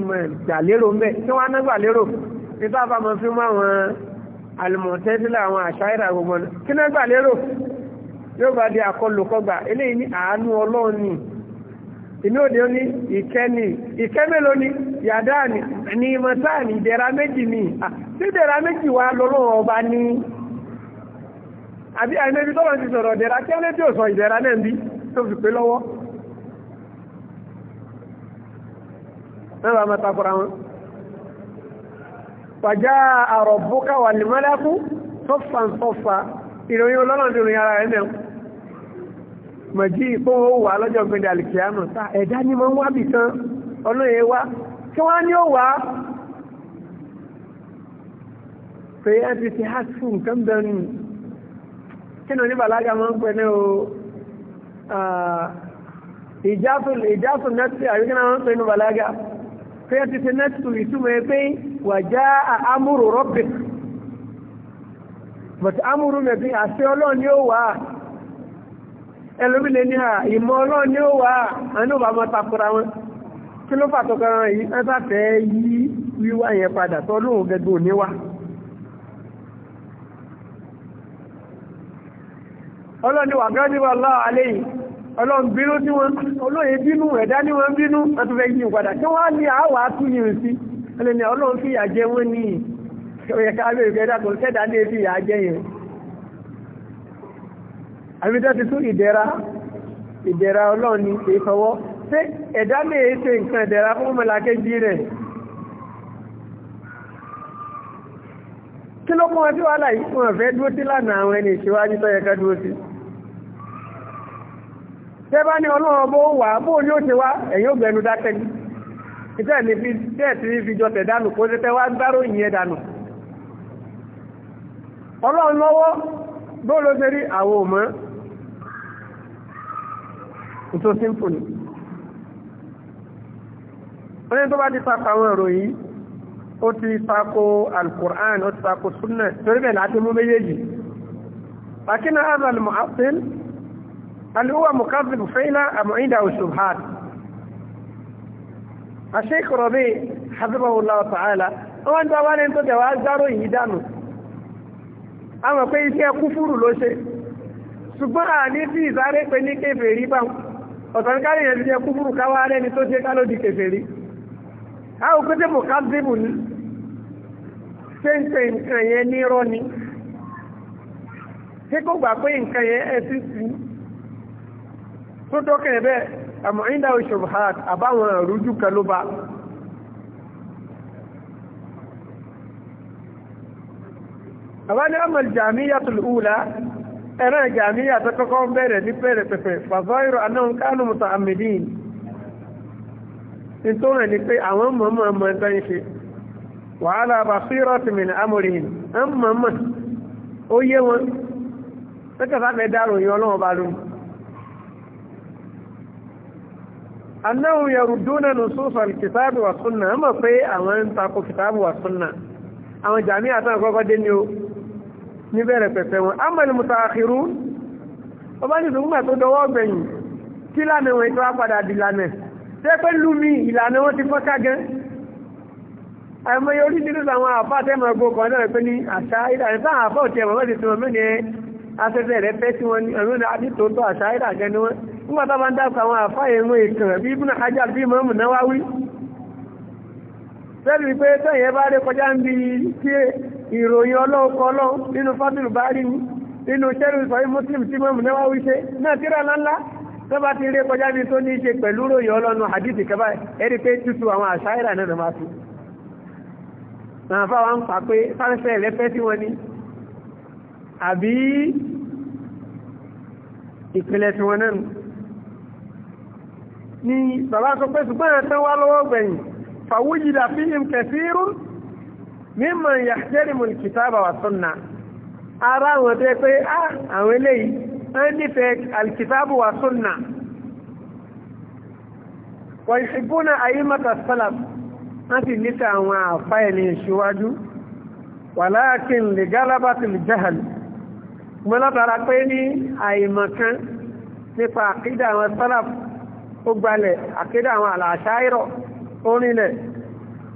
Speaker 1: mọ̀ gbàlérò mẹ́ tí wọ́n á ná gbàlérò ní sábà mọ̀ fí mọ́ àwọn alìmọ̀tẹ́sílẹ̀ àwọn àṣáìrà gbogbo náà kí ná gbàlérò yóò bá di kọgbà eléyìí ní àánú ọlọ́run nìí inú òde ó ní ìkẹ́ni ìkẹ́ mélòó ni yàdá ni mọ́tà ni ìdẹ̀ra méjì ni tí ìdẹ̀ra méjì wà lọ́lọ́wọ́ ọba ní àbí àìmẹ́bí tọ́lọ̀ ti sọ̀rọ̀ ìdẹ̀ra kí ọ́lẹ́ tí ò sọ ìdẹ̀ra náà bí tó fi pé lọ́wọ́ mẹ́wàá mẹ́ta fúra wọn pàjá àrọ̀bùkà wà ní mọ́lẹ́kú mọ̀jí ìpọ́n ó wà lọ́jọ́ gbẹ̀dẹ̀ alìkìyàmọ̀ ẹ̀dá ni mọ́ ń wábì kan ọlọ́yẹ wá kí wọ́n ní ó wà á pé ẹ́ ti ti há fún nǹkan bẹ̀rù kí ni oníbàlágà máa ń pẹ́ ní o ìjáfún ìjáfún nẹ́tì àríkínà máa ń pẹ́ ní bàlágà pé ẹ́ ti ti nẹ́tì tó ìtumọ̀ ẹ pé wà já àmúrò rọ́bì but àmúrò mẹ́bí àṣẹ ọlọ́run ni ó wà á e lè ní ìmọ̀ ọlọ́run ní ó wà àwọn ò bá mọ́ takora wọn kí ló fàtọkọrọ yìí wọ́n yí wíwá yẹn padà tọ́lóhùn gẹ́gbẹ́ òní wá gẹ́gbẹ́ ọlọ́run ọlọ́run bínú tí wọ́n bínú ẹ̀dá ní wọ́n bínú fẹ́ yí àbí tó ti tún ìdẹ̀ra ìdẹ̀ra ọlọ́run ní kìí fọwọ́ ṣé ẹ̀dá lè ṣe nǹkan ìdẹ̀ra fún mọ̀lákéjì rẹ̀ kí ló kún wọn sí wàhálà yìí fún ọ̀fẹ́ dúró sí lánàá àwọn ẹni ìṣíwájú tó yẹ ká dúró sí tẹ́bá ní ọlọ́run bó wà bó àwọn òmọ́ tó simple ni oní tó bá ti tako àwọn ọ̀rọ̀ yìí ó ti tako alukur'an ó ti tako sunna torí bẹ́ẹ̀ láti mú méjèèjì lakini hadha almu'assil hal huwa mukadhib fa'ila am indahu shubhat الشيخ ربيع حفظه الله تعالى wọ́n tó wá ní tó tẹ̀wà záró yìí dánù a mọ̀ pé iṣẹ́ kúfúrù ló ṣùgbọ́n à ìzáré pé kéfèé rí báwọn ọ̀tọ̀rí kárí yẹn jẹ́ kúfúrú káwá rẹ́ni tó jẹ́ kálódì kèfèrí káwọ́ pété mò ká bíbù ní ṣéǹṣe nǹkan yẹn ní irọ́ ni ṣé kó gbà pé nǹkan yẹn ẹsí sí tó dọ́kẹ̀ bẹ́ẹ̀ àmọ́ ìdá oṣù hàt àbáwọn àrújú kan ló bá àwọn ni ọmọ ẹ̀rọ ìjàmíyà tó kọ́kọ́ bẹ̀rẹ̀ ní pẹ̀rẹ̀ pẹ̀pẹ̀ fàzọ́ìrò anáhùn kánù mùtà àmìdín ní tó rẹ̀ ní pé àwọn mọ̀mọ̀ mọ̀ ń tán ṣe wàhálà bá fírọ̀ tì mìíràn amòrìhìn ń mọ̀mọ̀ ó yé wọn pẹ́kẹ̀sá fẹ́ dárò yọ ọlọ́wọ́ bá lóun anáhùn yẹrù dúnà nù sófà kìtàbù wà níbẹ̀rẹ̀ pẹ̀pẹ̀ wọn amọ̀lì mùtàkìrú ó bá ní ìsòkúnmà tó dọwọ́ gbẹ̀yìn kí lánà wọn ètò àpadà dìlànà tẹ́ pé lumi ìlànà wọn ti fọ́ká gan àìmọye orí nínú àwọn àfáà tẹ́mọ̀ ẹgbó kan náà pé ní àṣà ìdàrí táwọn àfáà òtí ẹ̀mọ̀ wọ́n ti sọ mí ní afẹ́fẹ́ rẹ̀ fẹ́ sí wọn ní ọ̀rún àdítòótọ́ àṣà ìròyìn ọlọ́ọ̀kọ́lọ́ nínú fátìlù bá rí nínú sẹ́rù ìfọ̀yí muslim tí mọ́mù náà wáwí ṣe náà tíra lánlá tó bá ti rí kọjá bí tó ní ṣe pẹ̀lú ròyìn ọlọ́nu hadith kẹfà ẹ̀rí pé tútù àwọn àṣáìrà náà máa fi náà fáwọn ń pa pé sáńsẹ̀ lẹ́fẹ́ tí wọ́n ní àbí ìpìlẹ̀ tí wọ́n náà ni bàbá sọ pé ṣùgbọ́n ẹ̀ tán wá lọ́wọ́ gbẹ̀yìn fàwúyìdà mímọ̀ yàtẹ́rìmù kìtàbà wà súnnà ara àwọn tó yẹ pé ah, àwọn eléyìí wọ́n nífẹ̀ẹ́ alkìtàbù wà súnnà wọ́n ìṣìgbónà àyímọ̀tà sálàm wọ́n sì nífẹ̀ẹ́ àwọn àfá ẹni ìṣíwájú wàláàkín lè gálábà ti lè jahal mọ́ pé ní àìmọ̀kan nípa àkídà àwọn sálàm orílẹ̀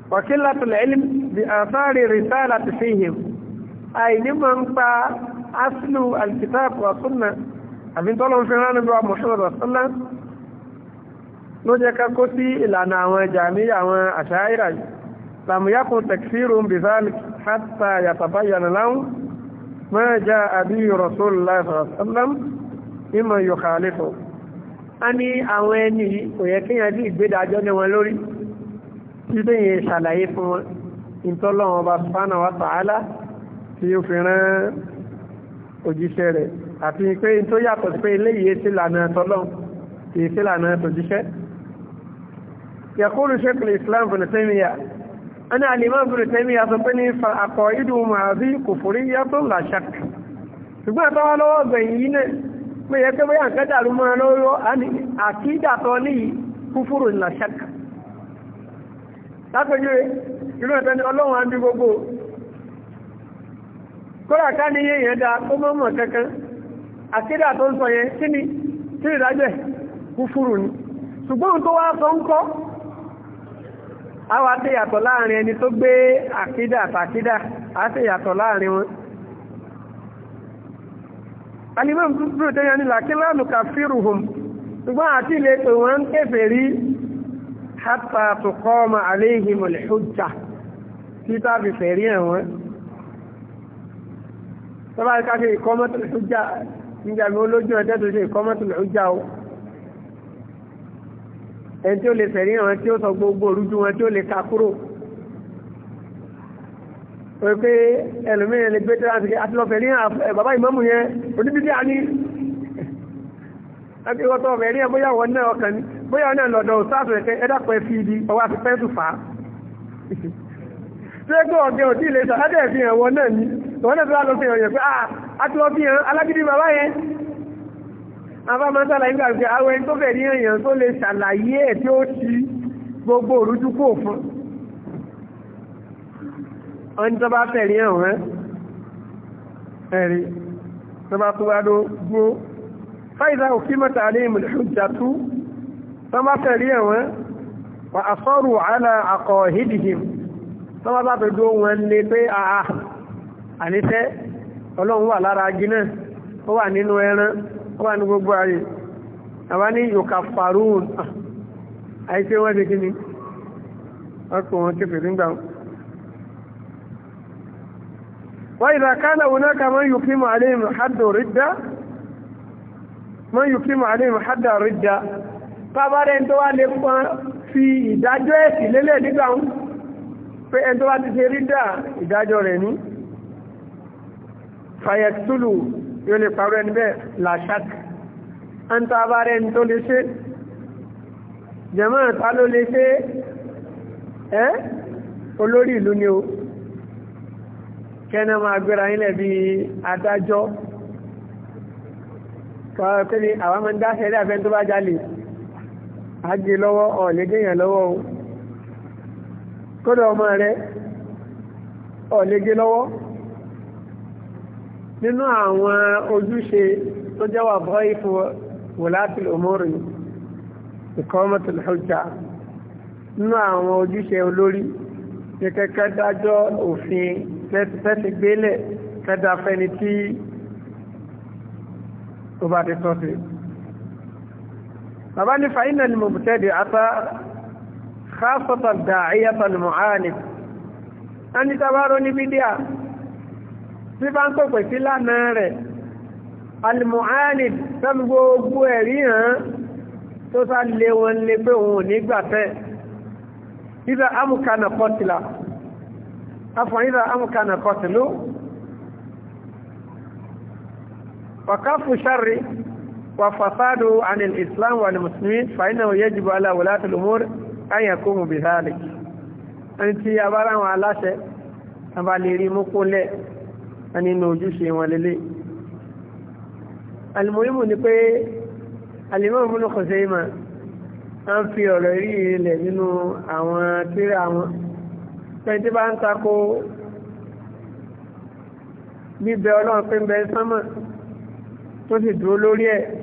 Speaker 1: wàkílàtùl ilm bí àtàrí risalati fihim àìní ma ń pa asìlù alkitab wa sunna àbí tọ́lọ̀ fi ránà bí wa Muhammad rasulullah ló jẹ́ ká kó sí ìlànà àwọn jàmíyà àwọn àṣáírà làmúyàkùn takfirun bí zalik hatta yatabayyana lahum ma jaa bí rasulullah rasulullah mímọ̀ yóò kàálẹ́fọ́ a ní àwọn ẹni kò yẹ kíyàn sí ìgbédájọ́ ní wọn lórí títí yẹn ṣàlàyé fún wọn ìtọ́lọ́wọ́n bá sùpánà wá tààlà tí ó fi rán òjíṣẹ́ rẹ̀ àti pé tó yàtọ̀ sí pé eléyìí sí lànà tọ́lọ́n kì í sí lànà tòjíṣẹ́ يقول شيخ الإسلام ابن تيمية أنا الإمام ابن تيمية صبني فأقائدهم هذه كفرية لا شك ṣùgbọ́n àtọ́wọ́ lọ́wọ́ gbẹ̀yìn yìí náà pé yẹ kí wọ́n yà ń kẹ́jà ló mọ́ ọ lọ́wọ́ àkídà lápẹjú irú ẹ̀fẹ́ ọlọ́run gbogbo kódà ká ní yẹn dáa tó mọ́ mọ̀ kankan àkídà tó ń sọ yẹn kí ni kí ìdájẹ́ kúfúrù ṣùgbọ́n tó wá sọ ń kọ́ láàrin ẹni tó gbé a láàrin wọn alimọ́n tó nílà kí lánàá kàfírù ṣùgbọ́n àti wọ́n hátà tó kọ́ ọmọ àléhìn mọ̀lẹ́hùjà títà fi fẹ̀rí ẹ̀wọ̀n tọ́bá ká ṣe ìkọ́mọ́tòlùhùjà nígbà mi olójú ẹ̀tẹ́ tó ṣe ìkọ́mọ́tòlùhùjà o ẹni tí ó lè fẹ̀rí ẹ̀wọ̀n tí ó sọ gbogbo orújú wọn tí ó lè ka kúrò pé ẹlòmíràn lè gbé náà ọkàn ni bóyá náà lọ́dọ̀ sáàtò ẹ̀kẹ́ ẹ́dàpọ̀ ẹ̀fí ibi ọwá ti pẹ́ tùfà tí ó gbọ́ ọ̀gẹ́ òtí ilé sàádẹ́ ẹ̀fí ẹ̀wọ̀ náà ní wọ́n náà tó wá lọ sí ọ̀yẹ̀ pé a ti wọ́n fi hàn alágídí bàbá yẹn àbá máa sàlàyé gbà pé àwọn ẹni tó fẹ̀ ní èèyàn tó lè sàlàyé ẹ̀ tí ó ti gbogbo òrújú kò fún ọ̀n tó bá fẹ̀ ní ẹ̀wọ̀n ẹ̀rí tó bá tó wá dó gbó òfin mọ́ta ní ìmọ̀lẹ́sùn jàtú tán bá tẹ̀rí ẹ̀wọ́n wà àsọ́rù àlà àkọ̀ hídìhìm tán bá bàbẹ̀ dó wọn lé pé àà àníṣẹ́ ọlọ́run wà lára agi náà ó wà nínú ẹran ó wà ní gbogbo ààyè àwa ní yòókà faroon àìsí wọ́n ti kíni ọkùnrin wọn kéfèé nígbà wọn. wọ́n ìdá kánà wọn náà kà mọ́ yòókì ìmọ̀ hádà rídà tábárẹ́ tó wá lè pọn fi ìdájọ́ ẹ̀sì lélẹ̀ nígbà ń pé ẹni tó wá ti ṣe rídà ìdájọ́ rẹ̀ ní fayetulu yóò lè parọ́ ẹni bẹ́ẹ̀ lashak ń tábárẹ́ tó lè ṣe jẹ́mọ́ ta ló lè ṣe ẹ́ olórí ìlú ni o kẹ́nà máa gbéra nílẹ̀ bí adájọ́ kọ́ pé ni àwọn ọmọ ń dá ṣẹlẹ̀ àfẹ́ tó bá jalè agé lọ́wọ́ ọ̀lẹ́gẹ́yàn lọ́wọ́ o kódà ọmọ rẹ ọ̀lẹ́gẹ́ lọ́wọ́ nínú àwọn ojúṣe tó jẹ́wà bọ́ ìfò wòlátìl òmórí ìkọ́mọ̀tìl hujja nínú àwọn ojúṣe olórí ní kẹ́kẹ́ dájọ́ òfin tẹ́sí gbélẹ̀ kẹ́dà tí ó bá ti sọ́sẹ̀ bàbá ní fàínà ni mọ̀bùtẹ́dì àtà káfọ́tà dàáyàtà ni mọ̀hánì a ní tàbárò ní bídíà tí bá ń pẹ̀pẹ̀ sí lánà rẹ̀ alìmọ̀hánì tẹ́lú gbogbo ẹ̀rí hàn tó sá lé wọn lé pé òun ò ní gbàfẹ́ ìdá amúkanà kọtìlá afọ̀n ìdá amúkanà kọtìlú wàkáfù sáré وفساد عن الإسلام والمسلمين فإنه يجب على ولاة الأمور أن يقوموا بذلك أنت يا برا وعلى شيء أبا ليري أن أني شيء وللي المهم نقول الإمام ابن خزيمة ń في ọ̀rọ̀ rí ilẹ̀ nínú àwọn tíra wọn pẹ̀lú tí bá ń tako bíbẹ ọlọ́run pé ń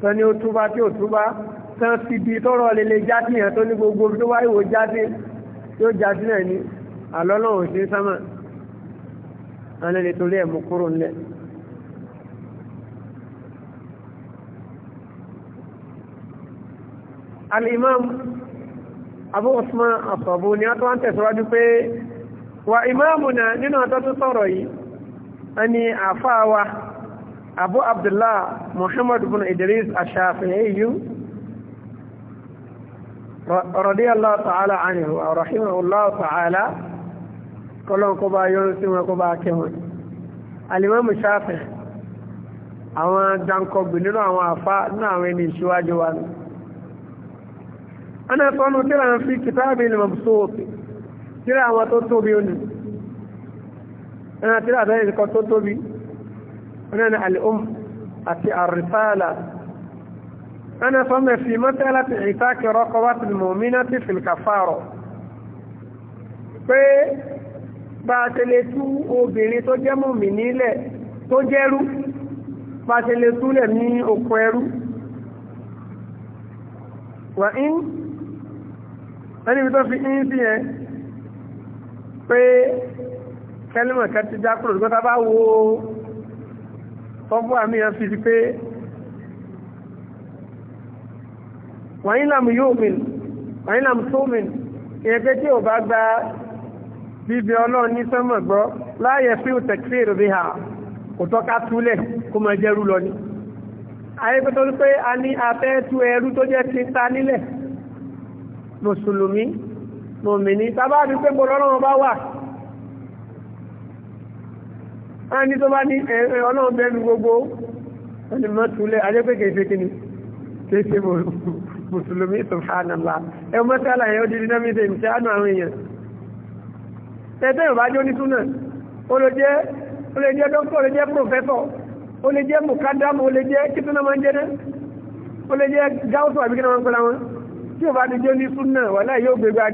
Speaker 1: tán ni ó túbá tí ò túbá tán fi di tọrọ lele jáde yẹn tó ní gbogbo tó wáyé wò jáde yóò jáde náà ni àlọ́lọ́run ṣe sámà alẹ́ lè torí ẹ̀ mú kúrò ńlẹ̀. al-imam abu usman asọ̀bù ni a tó ń tẹ̀síwájú pé wa imamu na nínú àtọ́tún sọ̀rọ̀ yìí a àfáà wa abu abdullah muhammad bin idris ashafi'iyu radiyallahu ta'ala anhu wa rahimahullahu ta'ala kọlọ́n kó bá yọrù sí wọn kó bá kí wọn alimamu shafi'i àwọn dankọgbì nínú àwọn àfá nínú àwọn ẹni ìṣíwájú wa ní ana sọ́nù tíra ń fi kìtàbí ni mọ̀bùsọ́ọ̀tì tíra àwọn tó tóbi ó ní ẹ̀nà tíra àtẹ́yìn kan tó tóbi náà ni al'um àti àrífààlà ẹni tó mẹ́ fi mọ́tẹ́ láti في rọ́kọwàtí mọ̀mínà ti fìlkàfàrọ̀ pé bá a tẹ́lẹ̀ tú obìnrin tó jẹ́ mọ̀mí nílẹ̀ tó jẹ́rú bá a tẹ́lẹ̀ túlẹ̀ ní oko ẹrú wà fi ń sí ẹ pé kẹ́lìmọ̀ kẹ́ ti já kúrò nígbàtà bá wo tọ́gbọ́ àníyàn fi di pé wọ́n yín làm yóò mìn wọ́n yín làm tó mìn ìyẹn pé tí ò bá gba bíbi ọlọ́run ní sọ́mọ̀ gbọ́ láàyè fi ò tẹ̀kí èrò bí ha kò tọ́ka túlẹ̀ kó máa jẹ́rú lọ ni ayé pé torí pé a ní afẹ́ tú ẹrú tó jẹ́ ti ta nílẹ̀ mùsùlùmí mùmìnì tábàbí pé mo lọ́rùn bá wà a ní tó bá ní ẹ̀rẹ́ ọlọ́run bẹ́nu gbogbo wọ́n ni mọ́túlẹ̀ ajẹ́pẹ́kẹ́ ìfẹ́kẹ́ ni kí ṣe mùsùlùmí sùfànàlá ẹ mọ́tàlá yẹn ó di dínamíṣẹ́ ìmṣẹ́ àánú àwọn èèyàn ẹgbẹ́ ìbájọ́ ní súnà ó lè jẹ́ dókítà ó lè jẹ́ pòfẹ́sọ̀ ó lè jẹ́ mùkádámù ó lè jẹ́ kítúnà máa ń jẹ́ náà ó lè jẹ́ gáúsù àbíkínà máa ń pẹ́lá wọn tí ò bá ti ní súnà wàláhì yóò gbégbá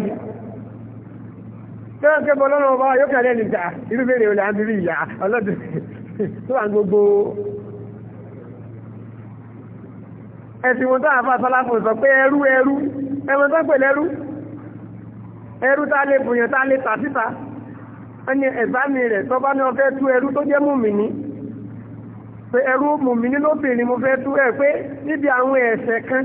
Speaker 1: tẹ́lá ń lọ́nà ọba yóò kàlẹ́ ní ìjà irú bèèrè olè àti rí ọlọ́dún tó wà gbogbo ẹ̀sìn wọn táwọn afá sọláfò sọ pé ẹrú ẹrú ẹmọ tó pè lẹ́rú ẹrú tá lè bùyàn tá lè tà síta ẹni ẹ̀sámi rẹ̀ tó bá ní ọfẹ́ tú ẹrú tó jẹ́ mùmìnì pé ẹrú mùmìnì lóbìnrin mo fẹ́ tú ẹ pé níbi àwọn ẹ̀ṣẹ̀ kan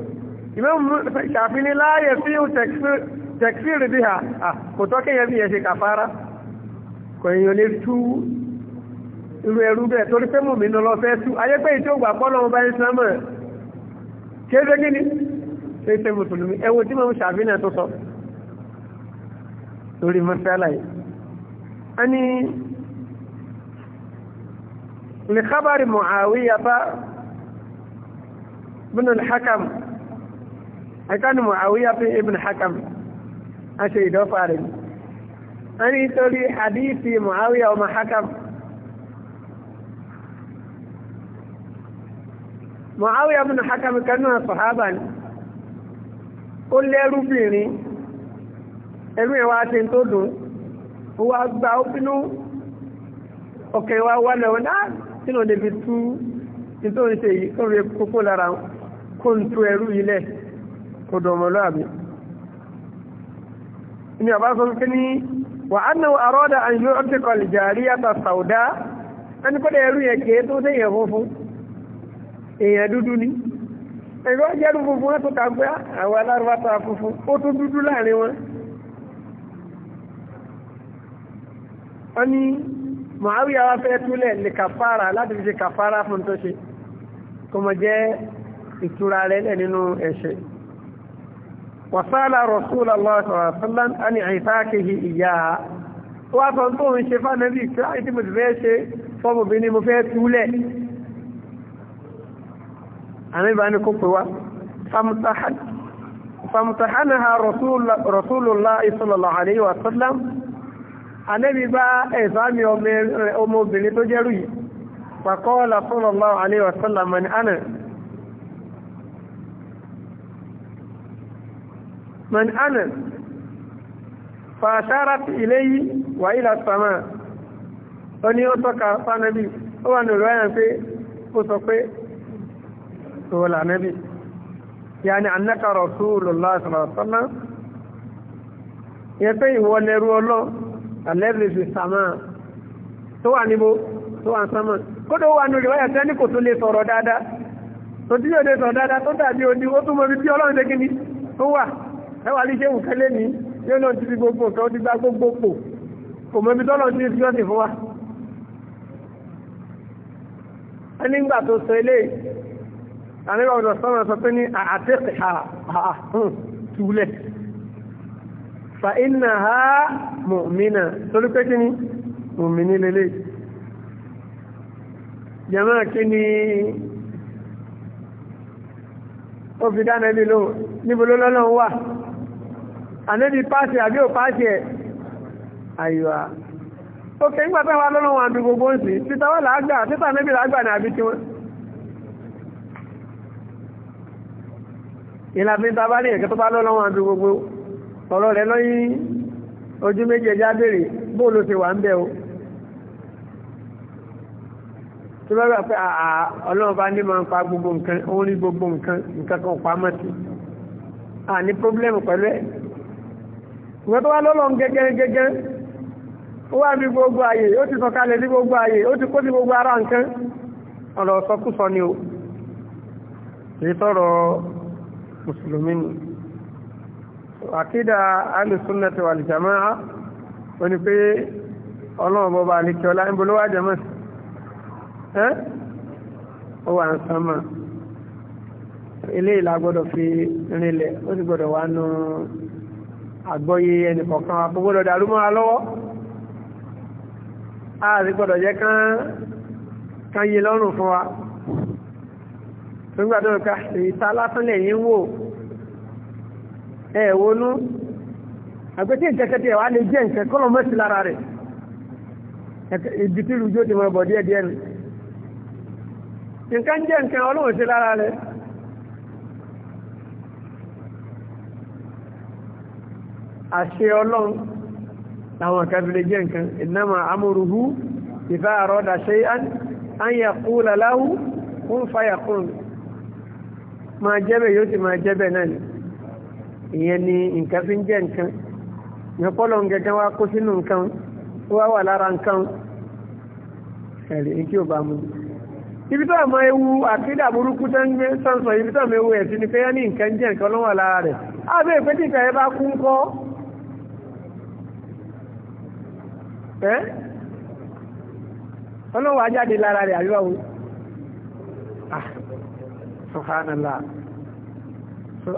Speaker 1: ìmọ̀ ní láàyè sí tẹ̀kfíìrì bí ha kò tọ́kẹ́ yẹ bí yẹ ṣe kàfàárá kò èèyàn lè tú irú ẹrú bẹ́ẹ̀ tu pé mùmí ní lọ fẹ́ tú ayé pé ìtí ògbà pọ́ lọ́wọ́ bá ní sámọ̀ kéde kí ni ṣe ṣe mùsùlùmí ẹwọ tí mo ń ṣàfihàn tó sọ lórí mọ́sálà yìí a ní lè kábàrì Mu'awiyah hakam akan Muawiya bin Ibn Hakam a ṣe ìdọ́fà rẹ̀ a ní hadithi Muawiya ọmọ Hakam Muawiya bin Hakam kanú sàhábà ni ó lẹ́rúbìnrin ẹ̀rú ẹ̀wà ti tó dùn ó wá gba ó bínú ọkẹ̀ wa wà lẹ́wọ̀n náà sínú débi tú nítorí ṣe yìí tó rí kókó lára kó ń tú ẹrú kò dọ̀mọ̀lúàbí ni àbá sọ pé ní wà á náà àrọ́dà àyílò ọ́tíkọ̀lì jàrí àtà sàúdá ẹni kọ́ dẹ̀ ẹrú yẹn kìí tó sẹ́yìn funfun èèyàn dúdú ni ẹ̀rọ jẹ́rú funfun wọn tó ta gbé àwọn alárùbátà funfun ó tún dúdú láàrin wọn wọ́n ní màáwí àwọn afẹ́ túlẹ̀ lè kàfàrà láti fi ṣe kàfàrà fún tó ṣe kò jẹ́ ìtura rẹ̀ nínú ẹ̀ṣẹ̀ وسال رسول الله صلى الله عليه وسلم أن عفاكه إياها وأفضل من شفاء نبي سعيد متفاشي فهو بني مفيد أولي أنا يبقى كفوة فامتحن فامتحنها رسول رسول الله صلى الله عليه وسلم النبي بقى إزامي أمو بني تجري فقال صلى الله عليه وسلم من أنا من أنا فأشارت إليه وإلى السماء أني أتوقع فنبي هو أن الرواية في أتوقع هو النبي يعني أنك رسول الله صلى الله عليه وسلم يقول هو نرو الله الذي في السماء tó wà níbo tó wà sánmà kódò wà ní olùwáyà tí a ní kò tó lè sọ̀rọ̀ dáadáa tó tí yóò lè sọ̀rọ̀ dáadáa tó dàbí ẹwà ní ṣéwù kẹlẹ́ ní yóò náà ti fi gbogbo nǹkan ó ti gba gbogbo pò kò mọ ibi tọ́lọ̀ ní fi ọ̀sìn fún wa. ẹ nígbà tó sọ eléyìí àníbà ọ̀dọ̀ sọ́nà sọ pé ní àtẹ́kẹ̀ túlẹ̀ fa iná ha mọ̀mínà torí pé kí ni mọ̀míní lélẹ̀ jẹ́mọ́ kí ni ó fi dáná ilé lóhùn níbo lọ́lọ́run wà ànẹ́bí pàṣẹ àbí ò pàṣẹ àyíwá ok nígbà tẹ́wà lọ́nà wọn àbí gbogbo ń sí títà wà láàgbà títà ànẹ́bí láàgbà ní àbí tí wọ́n ìlàbí tàbá ní ẹ̀kẹ́ tó bá lọ́nà wọn àbí gbogbo ọ̀rọ̀ rẹ̀ lọ́yìn ojú méjì ẹja béèrè bóòlù ti wà ń bẹ̀ o tí wọ́n gbà pé àà ọlọ́run bá ní máa ń pa gbogbo nǹkan ó ń rí gbogbo nǹkan nǹkan kan pamọ́ sí à ní pẹ̀lú ẹ̀ ìwọ́n tó wá lọ́lọ́run gẹ́gẹ́gẹ́gẹ́ ó wà ní gbogbo ààyè ó ti sọ̀kalẹ̀ ní gbogbo ààyè ó ti kó sí gbogbo ara nǹkan ọ̀rọ̀ sọkúsọ ni o èyí tọrọ mùsùlùmí ni àkídà alùsùnàtì wà lìjàmá ó ní pé ọlọ́run bọba àlekíọlá ń bolówá jẹmọ́ ẹ́ ó wà ń sánmà eléyìí la gbọ́dọ̀ fi rinlẹ̀ ó sì gbọ́dọ̀ wà nù àgbọ́yé ẹnì kọ̀ọ̀kan àpògbọ́dọ̀ dàrú mọ́ra lọ́wọ́ ààrí gbọ́dọ̀ jẹ́ kán yí lọ́rùn fún wa tó ń gbàdọ̀ ká ìta lásánlẹ̀ yí ń wò ẹ̀wọ́nú àgbẹ́tí ìjẹ́kẹ́tẹ́ wà lè jẹ́ nǹkan kọ́lọ̀ mẹ́sì lára rẹ̀ ìdìtìrù jó ti mọ̀ bọ̀ díẹ̀díẹ̀ nǹkan jẹ́ nǹkan ọlọ́run sí lára rẹ̀ àṣẹ ọlọ́run àwọn kàbílẹ̀ jẹ́ nǹkan ìnáma amúrùhú ìfẹ́ àrọ́dà ṣe án yàkú laláwú fún fàyàkún máa jẹ́bẹ̀ yóò ti máa jẹ́bẹ̀ náà ni ìyẹn ni nǹkan fi ń jẹ́ nǹkan ìyẹpọ́lọ̀ gẹ́gẹ́ wá kó sínú nǹkan ó wá wà lára nǹkan ẹ̀rí ní kí ó bá mú ibi tó àmọ́ ewu àkídà burúkú tó ń gbé sọ́nsọ̀ ibi tó àmọ́ ewu ẹ̀sìn ni pé yá ní nǹkan jẹ́ nǹkan lọ́wọ́ lára rẹ̀ á bẹ́ẹ̀ ẹ bá kú kọ́ ẹ́ ọlọ́wọ́ ajáde lára rẹ̀ àríwáwó ah, Subhanallah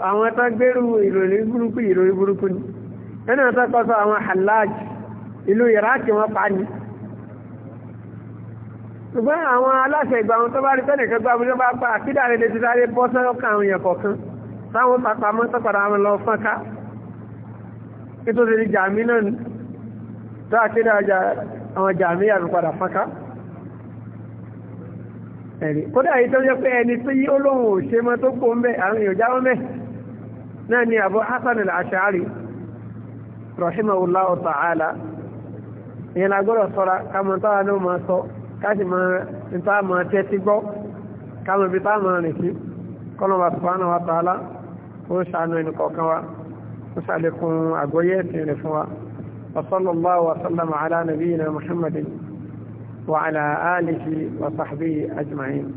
Speaker 1: àwọn tó gbérù ìròyìn burúkú ìròyìn burúkú ni ẹnà tó kọ́sọ́ àwọn halaj ìlú Iraq wọn pa ni ṣùgbọ́n àwọn aláṣẹ ìgbà wọn tó bá rí tẹ́nìkan gbá wọn bá pa àkídà rẹ̀ lè ti sáré bọ́ sọ́kà àwọn èèyàn kọ̀ọ̀kan táwọn papamọ́ tọ́pàdà àwọn lọ fọ́nká nítorí jàmí náà tọ àkídà àwọn jàmíyà mi padà fánká ẹ̀rí kódà yìí tó jẹ́ pé ẹni tí ó lóhun ò ṣe mọ́ tó kó ń na àwọn èèyàn jáwọ́ mẹ́ náà ni Abu Hasan al-Ash'ari rahimahullahu ta'ala ìyẹn la gbọ́dọ̀ sọ́ra kámọ́ wa subhanahu wa wa وصلى الله وسلم على نبينا محمد وعلى آله وصحبه أجمعين